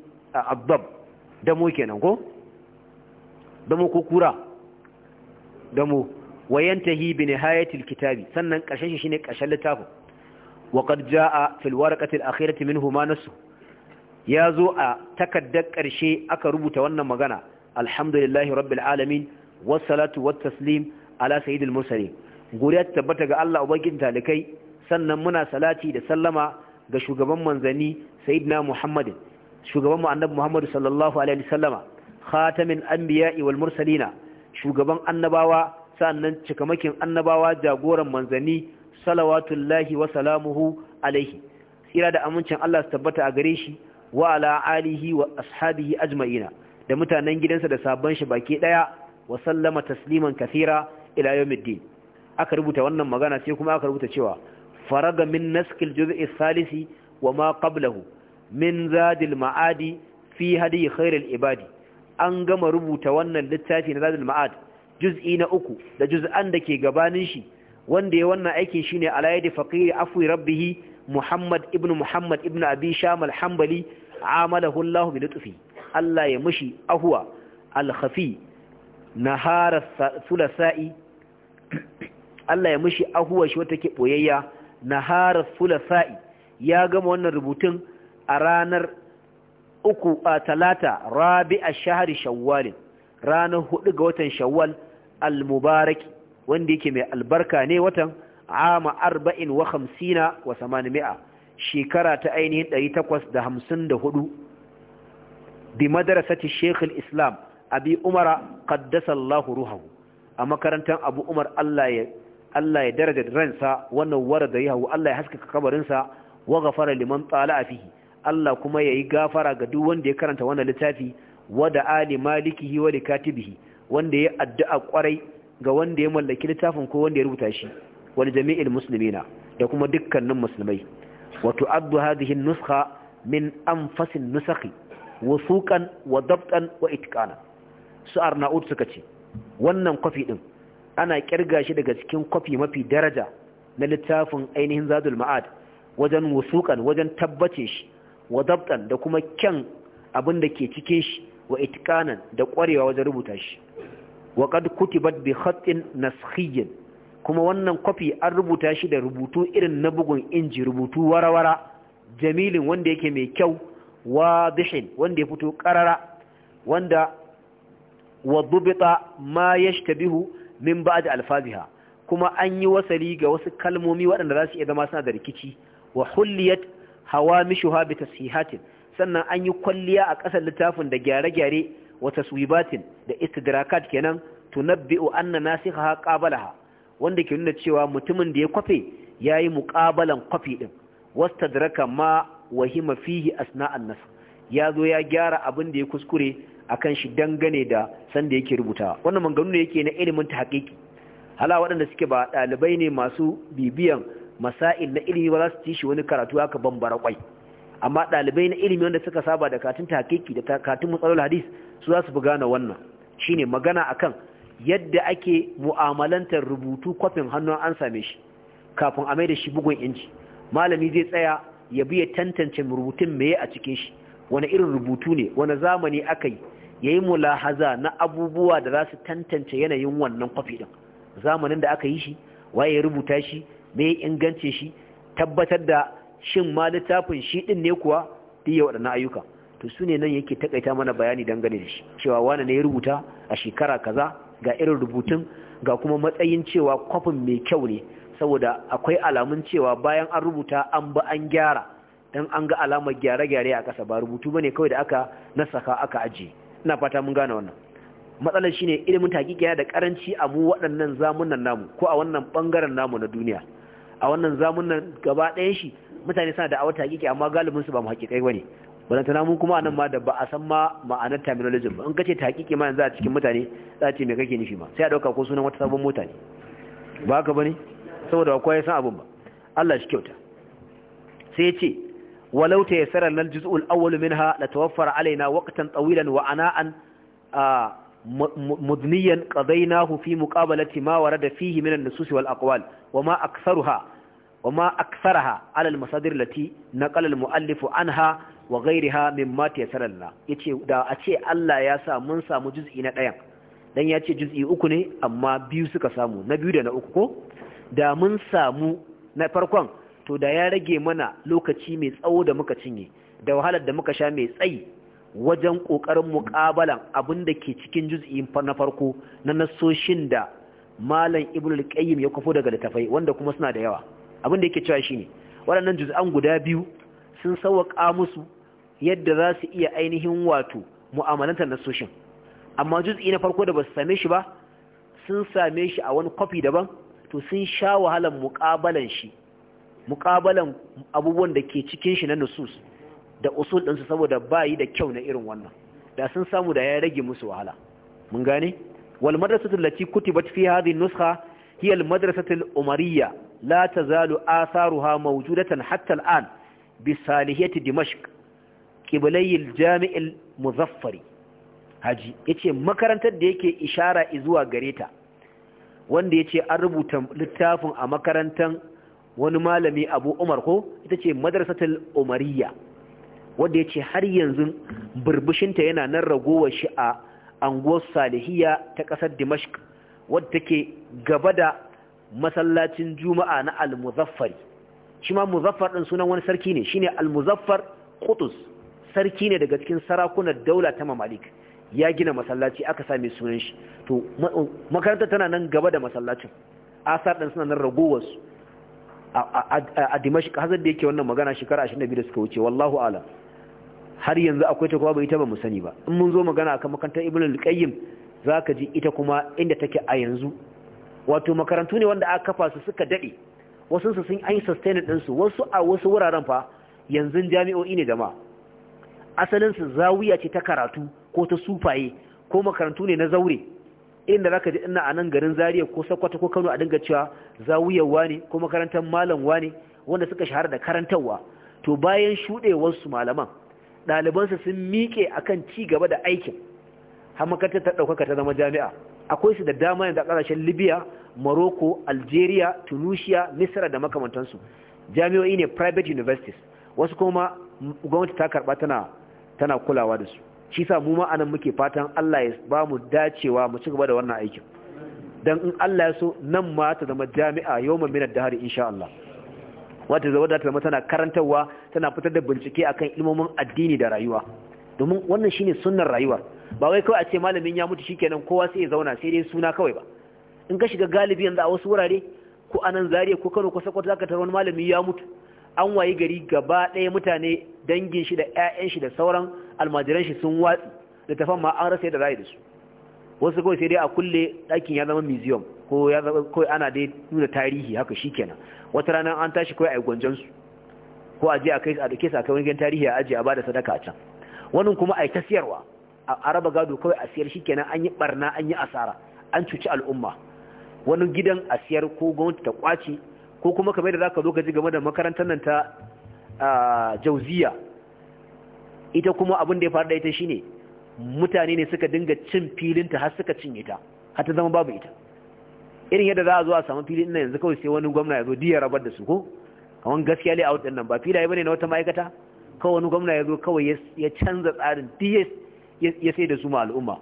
abbab damo kenan ko damo ko kura damo wayantahi bi nihayatil kitabi sannan karshen shi shine karshen littafin wa qad jaa fil waraqati al akhirati minhu ma nasu yazo a takaddar karshe aka rubuta wannan magana alhamdulillahi rabbil alamin was salatu taslim ala sayyidil mursalin Guri tabbata ga Allah ubangin talikai sannan muna salati da sallama ga shugaban manzani sayyidina Muhammad shugaban mu annabi Muhammad sallallahu alaihi wasallama khatamin anbiya'i wal mursalina shugaban annabawa sannan cikamakin annabawa jagoran manzani salawatullahi wa salamuhu alaihi tsira da amincin Allah su tabbata a gare shi wa ala alihi wa ashabihi ajma'ina da mutanen gidansa da sabon shi baki daya wa sallama tasliman kathira ila yawmiddin aka rubuta wannan magana sai kuma aka rubuta cewa faraga min naskil juz'i salisi wa ma qablahu min zadil ma'adi fi hadi khairil ibadi an gama rubuta wannan littafi na zadil ma'ad juz'i na uku da juz'an da ke gabanin shi wanda ya wannan aikin shine alaydi faqiri afwi rabbih muhammad ibn muhammad ibn abi sham al-hanbali amalahu allah bi lutfi allah ya mushi ahwa al-khafi nahara thulasa'i Allah ya mushi ahuwa shi wata ke boyayya harar fulasa'i ya gama wannan rubutun a ranar uku a talata rabi a shahari shawwalin ranar hudu ga watan shawwal al-mubaraki wanda yake mai albarka ne watan ama arba'in wa hamsina wa mi'a, shekara ta ainihin ɗari takwas da hamsin da hudu bi madarasati shekul islam abi umara qaddasallahu ruhahu a makarantar abu umar allah ya Allah ya daraja ransa wannan warada yahu Allah ya haskaka kabarinsa wa ghafara liman tala'a fihi Allah kuma yayi gafara ga duk wanda ya karanta wannan littafi wa da ali malikihi wa likatibihi wanda ya addu'a kwarai ga wanda ya mallaki littafin ko wanda ya rubuta shi wal jami'il muslimina da kuma dukkanin musulmai wa tu'addu hadhihi an-nuskha min anfasin nusakhi wusuqan wa dabtan wa itqana su arnaud suka ce wannan kwafi din ana kirga shi daga cikin kwafi mafi daraja na littafin ainihin zadul ma'ad wajen wasuƙan wajen tabbace shi wa dabtan da kuma kyan abin da ke cikin shi wa itikanan da ƙwarewa wajen rubuta shi wa kad kutibat bi khatin naskhiyin kuma wannan kwafi an rubuta shi da rubutu irin na bugun inji rubutu warawara jamilin wanda yake mai kyau wadihin wanda ya fito karara wanda wa dubita ma yashtabihu min da alfaziha kuma an yi wasali ga wasu kalmomi waɗanda za su iya zama suna da rikici wa hulliyat hawamishuha bi tasihatin sannan an yi kwalliya a ƙasar littafin da gyare-gyare wa taswibatin da istidrakat kenan tunabbi'u anna nasikhaha qabalaha wanda ke nuna cewa mutumin da ya kwafe yayi muqabalan kwafi din wastadraka ma wahima fihi asna'an nasa. ya zo ya gyara abin da ya kuskure a kan shi dangane da sanda yake rubuta wannan manganu ne yake na ilimin ta haƙiƙi hala waɗanda suke ba ɗalibai ne masu bibiyan masail na ilimi ba za su ci shi wani karatu haka bambara kwai amma ɗalibai na ilimi wanda suka saba da katin ta haƙiƙi da katin matsalolin hadis su za su fi gane wannan shine magana akan yadda ake mu'amalantar rubutu kwafin hannu an same shi kafin a mai da shi bugun inci malami zai tsaya ya biya tantance rubutun meye a cikin shi wani irin rubutu ne wani zamani aka yi ya yi mulahaza na abubuwa da za su tantance yanayin wannan kwafi ɗin zamanin da aka yi shi waye ya rubuta shi me ya ingance shi tabbatar da shin ma littafin shi ɗin ne kuwa duk da waɗannan ayyuka to su ne nan yake takaita mana bayani dangane da shi cewa wani ne ya rubuta a shekara kaza ga irin rubutun ga kuma matsayin cewa kwafin mai kyau ne saboda akwai alamun cewa bayan an rubuta an ba an gyara dan an ga alamar gyare-gyare a ƙasa ba rubutu bane kawai da aka nasaka aka ajiye. ina fata mun gane wannan matsalar shine ilimin hakiki yana da karanci a mu waɗannan zamunan namu ko a wannan bangaren namu na duniya a wannan zamunan gaba ɗayan shi mutane suna da awata hakiki amma galibin su ba mu hakikai bane balanta na mun kuma nan ma da ba a san ma ma'anar terminology ba in kace ce hakiki ma yanzu a cikin mutane za ce me kake nufi ma sai a dauka ko sunan wata sabon mota ne ba haka bane saboda ba kowa ya san abin ba Allah shi kyauta sai ya ce walau ta yassara lal juz'ul awwal minha la tawaffara alaina waqtan tawilan wa ana'an mudniyan qadaynahu fi muqabalati ma warada fihi min an wal aqwal wama aktharuha wama aktharaha ala al na allati naqala al-mu'allif anha wa ghayriha mimma tayassara lana yace da a ce Allah ya sa mun samu juz'i na ɗayan dan ya ce juz'i uku ne amma biyu suka samu na biyu da na uku ko da mun samu na farkon to da ya rage mana lokaci mai tsawo da muka cinye da wahalar da muka sha mai tsayi wajen ƙoƙarin muƙabalan abin da ke cikin juz'i na farko na nasoshin da malam ibnul qayyim ya kafo daga littafai wanda kuma suna da yawa abin da yake cewa shi shine waɗannan juz'an guda biyu sun sauƙa musu yadda za su iya ainihin wato mu'amalantar nasoshin amma juz'i na farko da ba su same shi ba sun same shi a wani kwafi daban to sun sha wahalar muƙabalan shi muƙabalan abubuwan da ke cikin shi na nusus da usul ɗinsu saboda bayi da kyau na irin wannan da sun samu da ya rage musu wahala mun gane wal madrasatul lati kutibat fi hadhihi nuskha hiya al madrasatul umariyya la tazalu atharuha mawjudatan hatta al an bi salihiyati dimashq qiblay al jami' muzaffari haji yace makarantar da yake ishara zuwa gareta wanda yace an rubuta littafin a makarantar. wani malami abu umar ko ita ce madrasatul umariya wadda ya ce har yanzu birbishinta yana nan ragowar shi a anguwar salihiyya ta ƙasar dimashq wadda take gaba da masallacin juma'a na al shi ma muzaffar ɗin sunan wani sarki ne shine al-muzaffar sarki ne daga cikin sarakunan daula ta mamalik ya gina masallaci aka same sunan shi to makarantar tana nan gaba da masallacin asar ɗin suna nan ragowarsu a dimashik hazar da yake wannan magana shekara 22 da suka wuce wallahu alam har yanzu akwai ta kuma bai ta ba mu sani ba in mun zo magana akan makarantar ibnu al-qayyim zaka ji ita kuma inda take a yanzu wato makarantu ne wanda aka kafa su suka dade wasu su sun yi sustain din su wasu a wasu wuraren fa yanzu jami'o'i ne ma asalin su zawiya ce ta karatu ko ta sufaye ko makarantu ne na zaure inda zaka ji ina a nan garin Zariya ko Sokoto ko Kano a dinga cewa zawiyar ne ko makarantar malam wani wanda suka shahara da karantarwa to bayan shuɗewarsu wasu malaman ɗalibansa su sun miƙe akan ci gaba da aikin har makarantar ta ɗaukaka ta zama jami'a akwai su da dama yanzu a ƙasashen Libya Morocco Algeria Tunisia Misra da makamantansu jami'o'i ne private universities wasu kuma gwamnati ta karɓa tana tana kulawa da su shi sa mu ma muke fatan Allah ya ba mu dacewa mu ci gaba da wannan aikin dan in Allah ya so nan ma ta zama jami'a yawman min ad-dahr insha Allah wata zama da ta zama tana karantarwa tana fitar da bincike akan ilmomin addini da rayuwa domin wannan ne sunnar rayuwa ba wai kawai a ce malamin ya mutu shi shikenan kowa sai ya zauna sai dai suna kawai ba in ka shiga galibi yanzu a wasu wurare ko a nan zariya ko Kano ko Sokoto zaka tarar wani malami ya mutu an wayi gari gaba ɗaya mutane dangin shi da 'ya'yan shi da sauran almajiran shi sun watsi da tafan ma an rasa yadda za da su wasu kawai sai dai a kulle ɗakin ya zama museum ko ya zama kawai ana dai nuna tarihi haka shi kenan, wata rana an tashi kawai a yi gwanjan su ko a je a kai a dauke su a kai wani gidan tarihi a aje a bada sadaka a can Wani kuma yi ta siyarwa a araba gado kawai a siyar shi kenan an yi barna an yi asara an cuci al'umma wani gidan a siyar ko gwamnati ta kwace ko kuma kamar da zaka zo ka ji game da makarantar nan ta jauziya ita kuma abin da ya faru da ita shine mutane ne suka dinga cin filinta har suka cinye ta har ta zama babu ita irin yadda za a zo a samu filin nan yanzu kawai sai wani gwamna ya zo diya rabar da su ko kawan gaskiya ne a din nan ba filaye bane na wata ma'aikata kawai wani gwamna ya zo kawai ya canza tsarin ds ya sai da su ma al'umma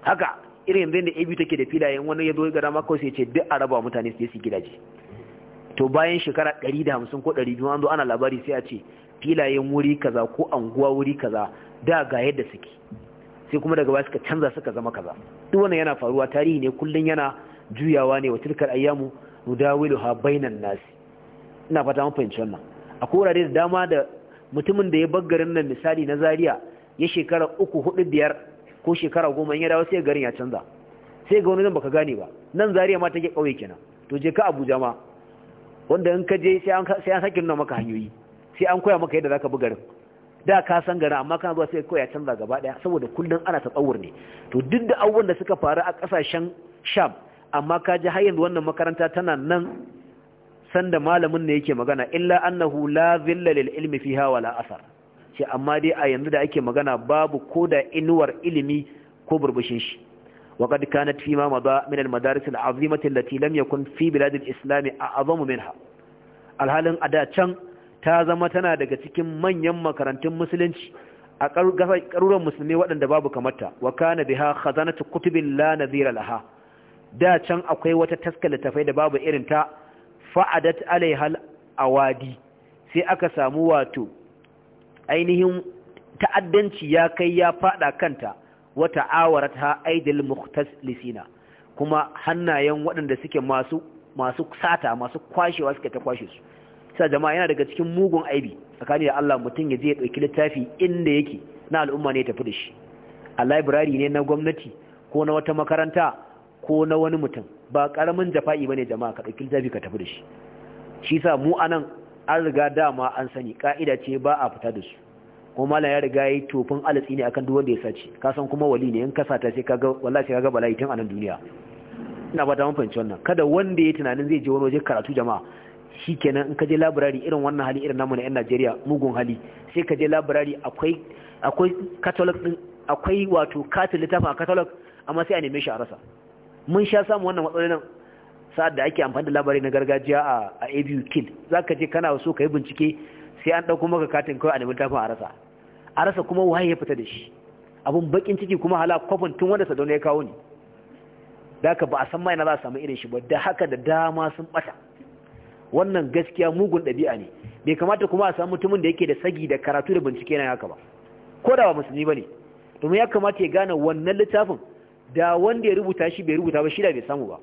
haka irin yanzu da abu take da filayen wani ya zo ga dama kawai sai ya ce duk a raba mutane su je su gidaje to bayan shekara 150 ko 200 an zo ana labari sai a ce filayen wuri kaza ko anguwa wuri kaza da ga yadda suke sai kuma daga baya suka canza suka zama kaza duk wannan yana faruwa tarihi ne kullun yana juyawa ne wa tilkar ayyamu mudawiluha bainan nas ina fata mun fahimci wannan akwai wurare da dama da mutumin da ya bar garin nan misali na Zaria ya shekara uku hudu biyar ko shekara goma in ya dawo sai garin ya canza sai ga wani zan baka gane ba nan Zariya ma take kauye kenan to je ka Abuja ma wanda in ka je sai an sake nuna maka hanyoyi sai an koya maka yadda zaka bi garin da ka san garin amma kana zuwa sai koya canza gaba daya saboda kullun ana tsawur ne to duk da abubuwan da suka faru a kasashen sham amma ka ji har yanzu wannan makaranta tana nan sanda malamin ne yake magana illa annahu la zilla lil ilmi fiha wala asar sai amma dai a yanzu da ake magana babu koda inuwar ilimi ko burbushin shi وقد كانت فيما مضى من المدارس العظيمة التي لم يكن في بلاد الإسلام أعظم منها alhalin a da can ta zama tana daga cikin manyan makarantun musulunci a ƙaruran musulmi waɗanda babu kamata wa kana biha khazanatu kutubin la nazira laha da can akwai wata taskar littafai da babu irin ta fa'adat alaihal awadi sai aka samu wato ainihin ta'addanci ya kai ya faɗa kanta wata awarat ha aidil lisina kuma hannayen waɗanda suke masu masu sata masu kwashewa suke ta kwashe su sai jama'a yana daga cikin mugun aibi tsakani da Allah mutum ya je ya dauki littafi inda yake na al'umma ne ya tafi da shi a library ne na gwamnati ko na wata makaranta ko na wani mutum ba karamin jafa'i bane jama'a ka dauki littafi ka tafi da shi shi sa mu anan an riga dama an sani ka'ida ce ba a fita da su ko malam ya riga yi tofin alatsi ne akan duk wanda ya sace ka san kuma wali ne in ka sata sai kaga wallahi sai kaga bala'i tun a nan duniya ina ba ta mun fahimci wannan kada wanda ya tunanin zai je wani waje karatu jama'a shikenan in ka je library irin wannan hali irin namu na yan Najeriya mugun hali sai ka je library akwai akwai catalog din akwai wato katin littafin a catalog amma sai a neme shi a rasa mun sha samu wannan matsalolin sa'ad da ake amfani da labarai na gargajiya a abu kid za ka je kana so ka yi bincike sai an ɗauko maka katin kai a nemi tafin a rasa a rasa kuma waye ya fita da shi Abin bakin ciki kuma hala kwafin tun wanda sadauna ya kawo ni da haka ba a san mai na za a samu irin shi ba da haka da dama sun bata wannan gaskiya mugun ɗabi'a ne bai kamata kuma a samu mutumin da yake da sagi da karatu da bincike na haka ba ko da ba musulmi ba ne domin ya kamata ya gane wannan littafin da wanda ya rubuta shi bai rubuta ba shi da bai samu ba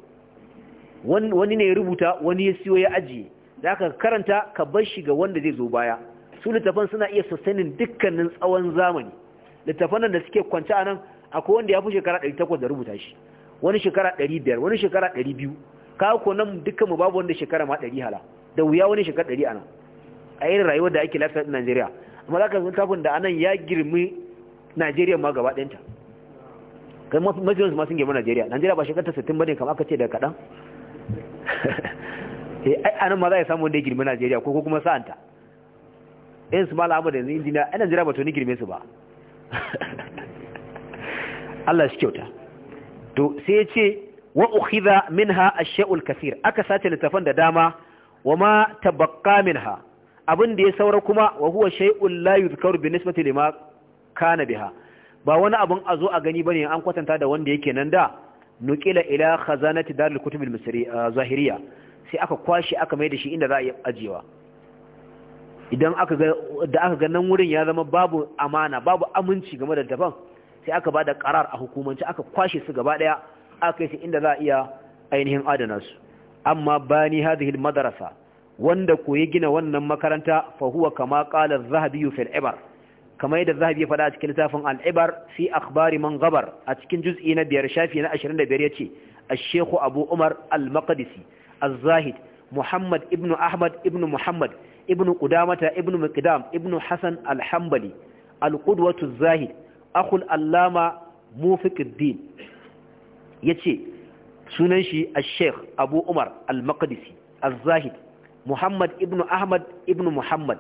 wani ne ya rubuta wani ya siyo ya ajiye da aka karanta ka bar shi ga wanda zai zo baya su littafan suna iya sassanin dukkanin tsawon zamani littafan nan da suke kwance a nan akwai wanda ya fi shekara 800 da rubuta shi wani shekara 500 wani shekara 200 ka ko nan dukkan mu babu wanda shekara ma 100 hala da wuya wani shekara 100 anan a irin rayuwar da ake lafiya a Najeriya amma zaka ga tafin da anan ya girmi Najeriya ma gaba ɗayanta kai mafiyansu ma sun girma Najeriya Najeriya ba shekara 60 bane kamar aka ce da kaɗan (laughs) eh anan ma za a samu wanda ya girmi Najeriya ko kuma sa'anta in su mala abu da yanzu injiniya yan najeriya ba girme su ba Allah shi kyauta to sai ya ce wa ukhidha minha a shayul kasir aka sace littafan da dama wa ma tabaqqa minha abin da ya saura kuma wa huwa shay'un la yuzkaru bi nisbati lima kana biha ba wani abin a zo a gani bane an kwatanta da wanda yake nan da nukila ila khazanati darul kutubin ah, zahiriya sai aka kwashi aka mai da shi inda za a yi ajiyewa. idan aka ga da aka ga nan wurin ya zama babu amana babu aminci game da daban sai aka ba da karar a hukumance aka kwashe su gaba daya aka yi su inda za a iya ainihin adana su amma bani hadhihi madarasa wanda koyi gina wannan makaranta fa huwa kama qala az-zahabi fil ibar kamar yadda zahabi ya faɗa a cikin littafin al-ibar fi akhbari man gabar a cikin juz'i na biyar shafi na 25 yace ash-shaykh abu umar al-maqdisi az-zahid muhammad ibn ahmad ibn muhammad ibn qudamata ibn miqdam ibn hasan al-hanbali al-qudwatu zahid akhul allama mufiquddin yace sunan shi al-sheikh abu umar al-maqdisi al muhammad ibn ahmad ibn muhammad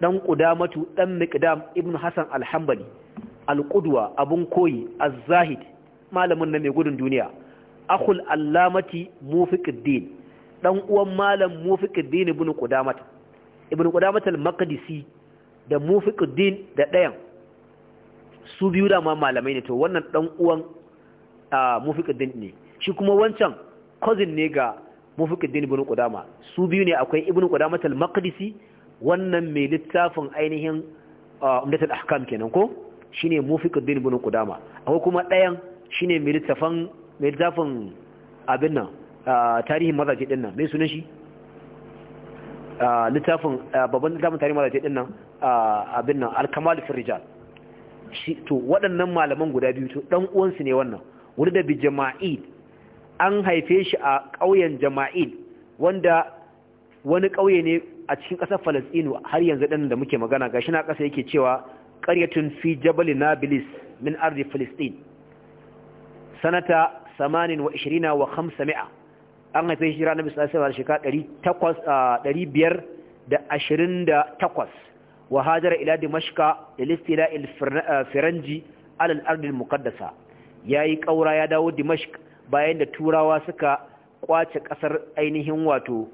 dan qudamatu dan miqdam ibn hasan al-hanbali al-qudwa abun koyi al-zahid malamin na mai gudun duniya akhul allamati mufiquddin dan uwan malam mufiquddin ibn qudamata ibn qudamah al-maqdisi da mufiquddin da ɗayan su biyu da ma malamai ne to wannan dan uwan mufiquddin ne shi kuma wancan cousin ne ga mufiquddin ibn qudama su biyu ne akwai ibn qudamah al-maqdisi wannan mai littafin ainihin umdatul ahkam kenan ko shine mufiquddin ibn qudama akwai kuma ɗayan shine mai littafin mai littafin abin nan tarihin mazaji din nan mai sunan shi littafin babban littafin tarihi malaje din nan abin nan alkamal firijal to waɗannan malaman guda biyu to ɗan uwansu ne wannan wani da bi jama'id an haife shi a ƙauyen jama'id wanda wani ƙauye ne a cikin ƙasar Falasɗinu har yanzu ɗan da muke magana gashi na ƙasa yake cewa ƙaryatun fi jabal Nabilis min ardi Falasɗin. sanata 28 wa mi'a. an haife shi ranar bisa sai shekara 528 wa hajara ila dimashqa ilistila firanji alal ardil ya yayi kaura ya dawo dimashq bayan da turawa suka kwace kasar ainihin wato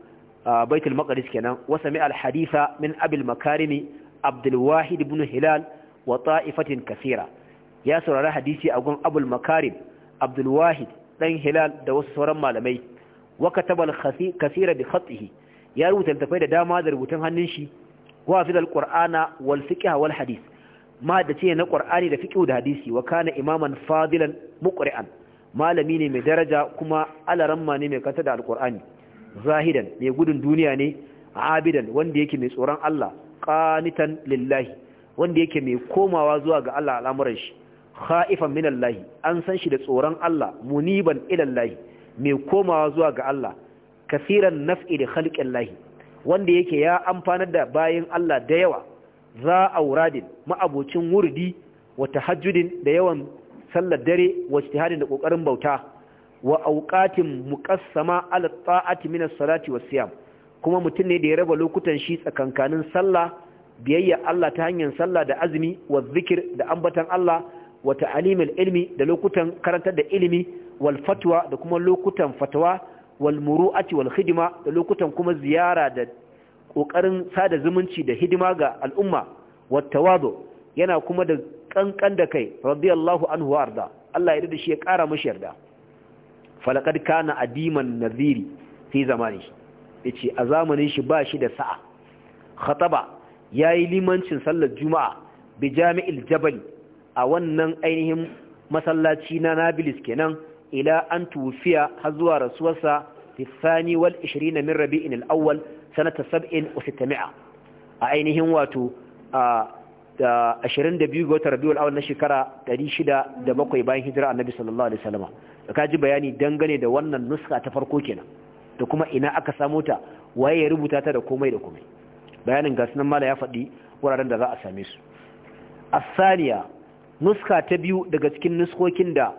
baitul maqdis kenan wasa mai al haditha min abil makarimi abdul ibn hilal wa ta'ifatin kasira ya saurari hadisi a gun abul makarim abdul dan hilal da wasu sauran malamai wa kataba al-kaseera bi khatihi ya rubuta tafai da dama da rubutun hannun shi wa hafiz al-qur'ana wal fiqh wal hadith ma da ce na qur'ani da fiqh da hadisi Wakana imaman fadilan muqri'an malami ne mai daraja kuma alaramma ne mai kanta da al-qur'ani zahidan mai gudun duniya ne abidan wanda yake mai tsoron Allah ƙanitan lillahi wanda yake mai komawa zuwa ga Allah al'amuran shi khaifan minallahi an san shi da tsoron Allah muniban ilallahi mai komawa zuwa ga Allah kasiran naf'i da khalqin lahi wanda yake ya amfanar da bayan Allah da yawa za auradin ma'abocin wurdi wa tahajjudin da yawan sallar dare wa ijtihadin da ƙoƙarin bauta wa auqatin muqassama ala ta'ati min as-salati was-siyam kuma mutum ne da ya raba lokutan shi tsakankanin sallah biyayya Allah ta hanyar sallah da azumi wa zikir da ambatan Allah wa ta'limil ilmi da lokutan karantar da ilimi wal fatwa da kuma lokutan fatwa wal muru'ati wal khidma da lokutan kuma ziyara da kokarin sada zumunci da hidima ga al'umma wat tawadu yana kuma da kankan da kai radiyallahu anhu arda. Allah ya rida shi ya kara mashi yarda falaqad kana adiman nadhiri fi zamanihi yace a zamanin shi ba shi da sa'a khataba yayi limancin sallar juma'a bi jami'il jabal a wannan ainihin masallaci na Nablus kenan ila an tufiya har zuwa rasuwarsa fi thani wal 20 min rabi'in al-awwal sanata 700 a ainihin wato a 22 ga watan rabi'ul awwal na shekara 607 bayan hijira annabi sallallahu alaihi wasallam da kaji bayani dangane da wannan nuska ta farko kenan da kuma ina aka samu ta waye ya rubuta ta da komai da komai bayanin gasu nan mala ya faɗi wuraren da za a same su الثانية nuska ta biyu daga cikin nuskokin da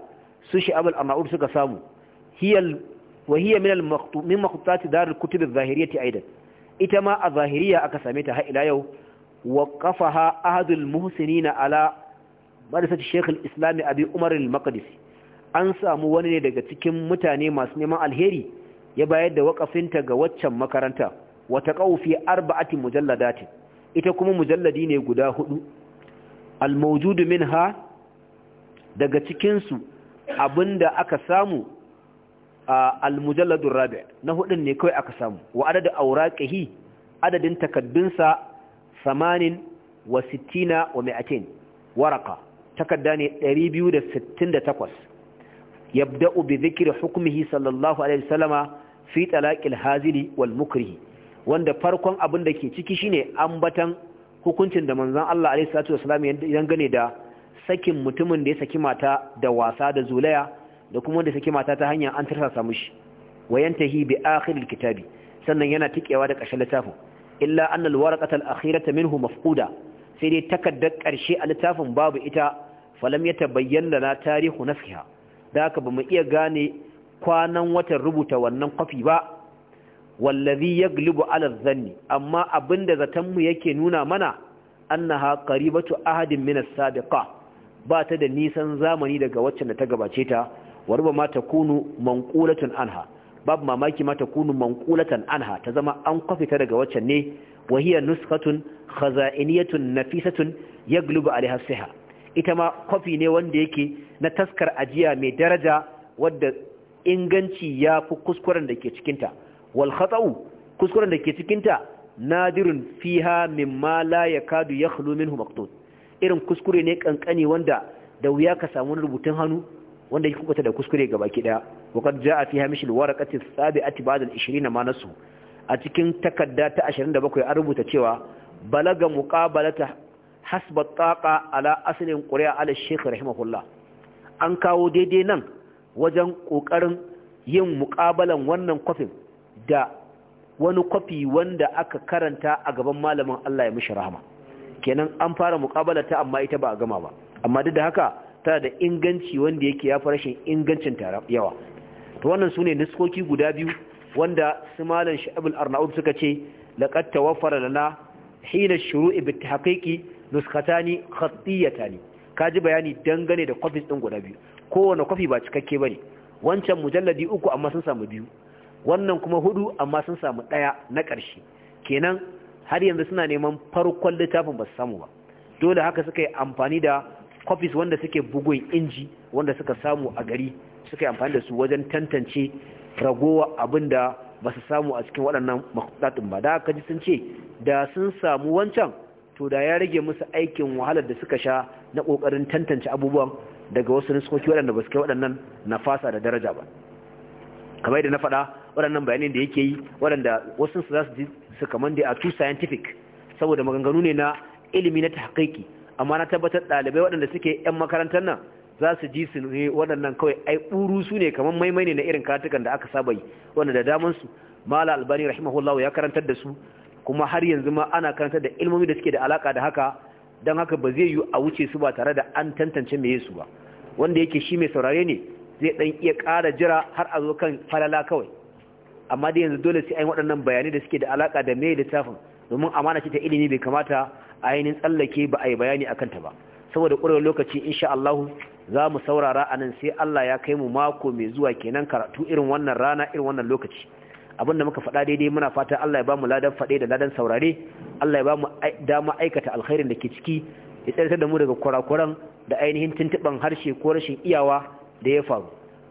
su sha'abul ama'ur suka samu hiyal wa hiya min al min makhutati dar al kutub al zahiriyyati aidan ita ma a zahiriya aka same ta har ila yau wa qafaha ahad al muhsinina ala madrasati shaykh al islam abi umar al maqdisi an samu wani ne daga cikin mutane masu neman alheri ya bayar da wakafinta ga waccan makaranta wata ƙaufi arba'atin mujalladatin ita kuma mujalladi ne guda hudu almaujudu minha daga cikinsu abinda aka samu Almujalladun rabi na hudun ne kawai aka samu wa adadu auraqihi adadin takaddunsa samanin wa 60 wa 200 waraka takadda ne 268 yabda'u bi dhikri hukmihi sallallahu alaihi wasallama fi talaqil hazili wal mukrihi wanda farkon abin da ke ciki shine ambatan hukuncin da manzon Allah alaihi salatu wasallam gane da sakin mutumin da ya saki mata da wasa da zulaya da kuma da saki mata ta hanyar an tarsasa wayanta wayantahi bi akhiril kitabi sannan yana tikewa da ƙarshen littafin illa anna alwaraqata alakhirata minhu mafquda sai dai takaddar ƙarshe a littafin babu ita falam yatabayyana lana tarihu nasiha da haka bamu iya gane kwanan watan rubuta wannan kwafi ba wallazi yaglibu ala zanni amma abinda zatanmu yake nuna mana annaha qaribatu ahadin min as-sabiqa ba ta da nisan zamani daga waccan da ta gabace ta warba ma takunu manqulatun anha babu mamaki ma takunu manqulatan anha ta zama an kwafita daga waccan ne wahiya nuskatun khaza'iniyatun nafisatun yaglubu alaiha siha ita ma kwafi ne wanda yake na taskar ajiya mai daraja wadda inganci ya fi kuskuren da ke cikinta wal kuskuren da ke cikin ta nadirun fiha mimma la yakadu yakhlu minhu maqtut irin kuskure ne kankani wanda da wuya ka samu rubutun hannu wanda ya kubuta da kuskure gabaki daya waqad jaa fiha mishil waraqati sabi'ati ba'da al-20 ma nasu a cikin takarda ta bakwai an rubuta cewa balaga ta hasba taqa ala asalin ƙuri'a ala shaykh rahimahullah an kawo daidai nan wajen ƙoƙarin yin muƙabalan wannan kwafin da wani kwafi wanda aka karanta a gaban malamin Allah ya mishi rahama kenan an fara muƙabala ta amma ita ba a gama ba amma duk da haka tana da inganci wanda yake ya rashin ingancin tara yawa to wannan ne nuskoki guda biyu wanda su malam Shu'aib arnaud suka ce laqad tawaffara lana hina shuru'i ni, tahqiqi nuskatani Ka kaji bayani dangane da kwafi din guda biyu kowane kwafi ba cikakke ba ne. wancan mujalladi uku amma sun samu biyu wannan kuma hudu amma sun samu ɗaya na ƙarshe kenan har yanzu suna neman farkon littafin ba su samu ba dole haka suka yi amfani da kwafis wanda suke bugun inji wanda suka samu a gari suka yi amfani da su wajen tantance ragowa abin da ba su samu a cikin waɗannan makudatun ba da aka ji sun ce da sun samu wancan to da ya rage musu aikin wahalar da suka sha na ƙoƙarin tantance abubuwan daga wasu nuskoki waɗanda ba su kai waɗannan na fasa da daraja ba kamar yadda na faɗa waɗannan bayanin da yake yi waɗanda wasu su za su ji su kamar da a too scientific saboda maganganu ne na ilimi na tahqiqi amma na tabbatar ɗalibai waɗanda suke yan makarantar nan za su ji su ne waɗannan kawai ai ɓuru su ne kamar maimai ne na irin karatukan da aka saba yi wanda da daman su mala albani rahimahullahu ya karantar da su kuma har yanzu ma ana karantar da ilmomi da suke da alaka da haka don haka ba zai yi a wuce su ba tare da an tantance me su ba wanda yake shi mai saurare ne zai ɗan iya ƙara jira har a zo kan falala kawai amma dai yanzu dole sai an waɗannan bayanai da suke da alaka da mai littafin domin amana ce ta ilimi bai kamata a ainihin tsallake ba a yi bayani akan ta ba saboda ƙwarewar lokaci insha Allah za mu saurara a nan sai Allah ya kai mu mako mai zuwa kenan karatu irin wannan rana irin wannan lokaci abin da muka faɗa daidai muna fata Allah ya ba mu ladan faɗe da ladan saurare Allah ya ba mu dama aikata alkhairin da ke ciki ya tsare da mu daga kurakuran da ainihin tuntuɓan harshe ko rashin iyawa da ya faru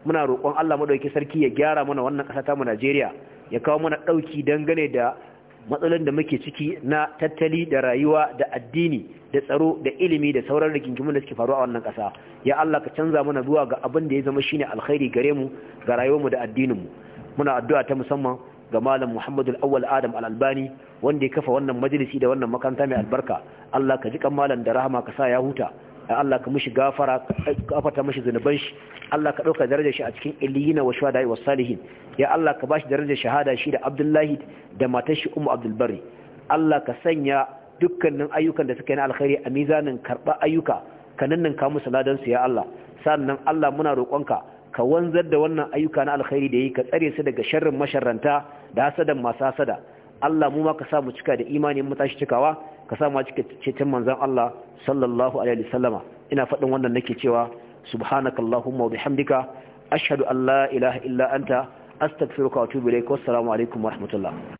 muna roƙon Allah madauki sarki ya gyara mana wannan ƙasa ta mu Najeriya ya kawo mana ɗauki dangane da matsalolin da muke ciki na tattali da rayuwa da addini da tsaro da ilimi da sauran rigingimun da suke faruwa a wannan ƙasa ya Allah ka canza mana zuwa ga abin da ya zama shine alkhairi gare mu ga rayuwarmu da addinin mu muna addu'a ta musamman ga malam Muhammadu Awwal Adam Al-Albani wanda ya kafa wannan majalisi da wannan makaranta mai albarka Allah ka ji kan malam da rahama ka sa ya huta Allah ka mushi gafara ka afata mushi zunuban shi Allah ka dauka darajar shi a cikin illiyina wa shuhada wa salihin ya Allah ka bashi darajar shahada shi da Abdullahi da matar shi Ummu Abdul Barri Allah ka sanya dukkanin ayyukan da suka yi na alkhairi a mizanin karba ayyuka ka ninninka musu ladan su ya Allah sannan Allah muna roƙonka ka wanzar da wannan ayyuka na alkhairi da yi ka tsare su daga sharrin masharranta da hasadan masu hasada Allah mu ma ka sa mu cika da imani mu tashi cikawa ka sa ma cikin ceton manzon Allah sallallahu alaihi wasallama ina faɗin wannan nake cewa subhanakallahumma wa bihamdika ashhadu an la ilaha illa anta astaghfiruka wa atubu ilaik wassalamu alaikum wa rahmatullah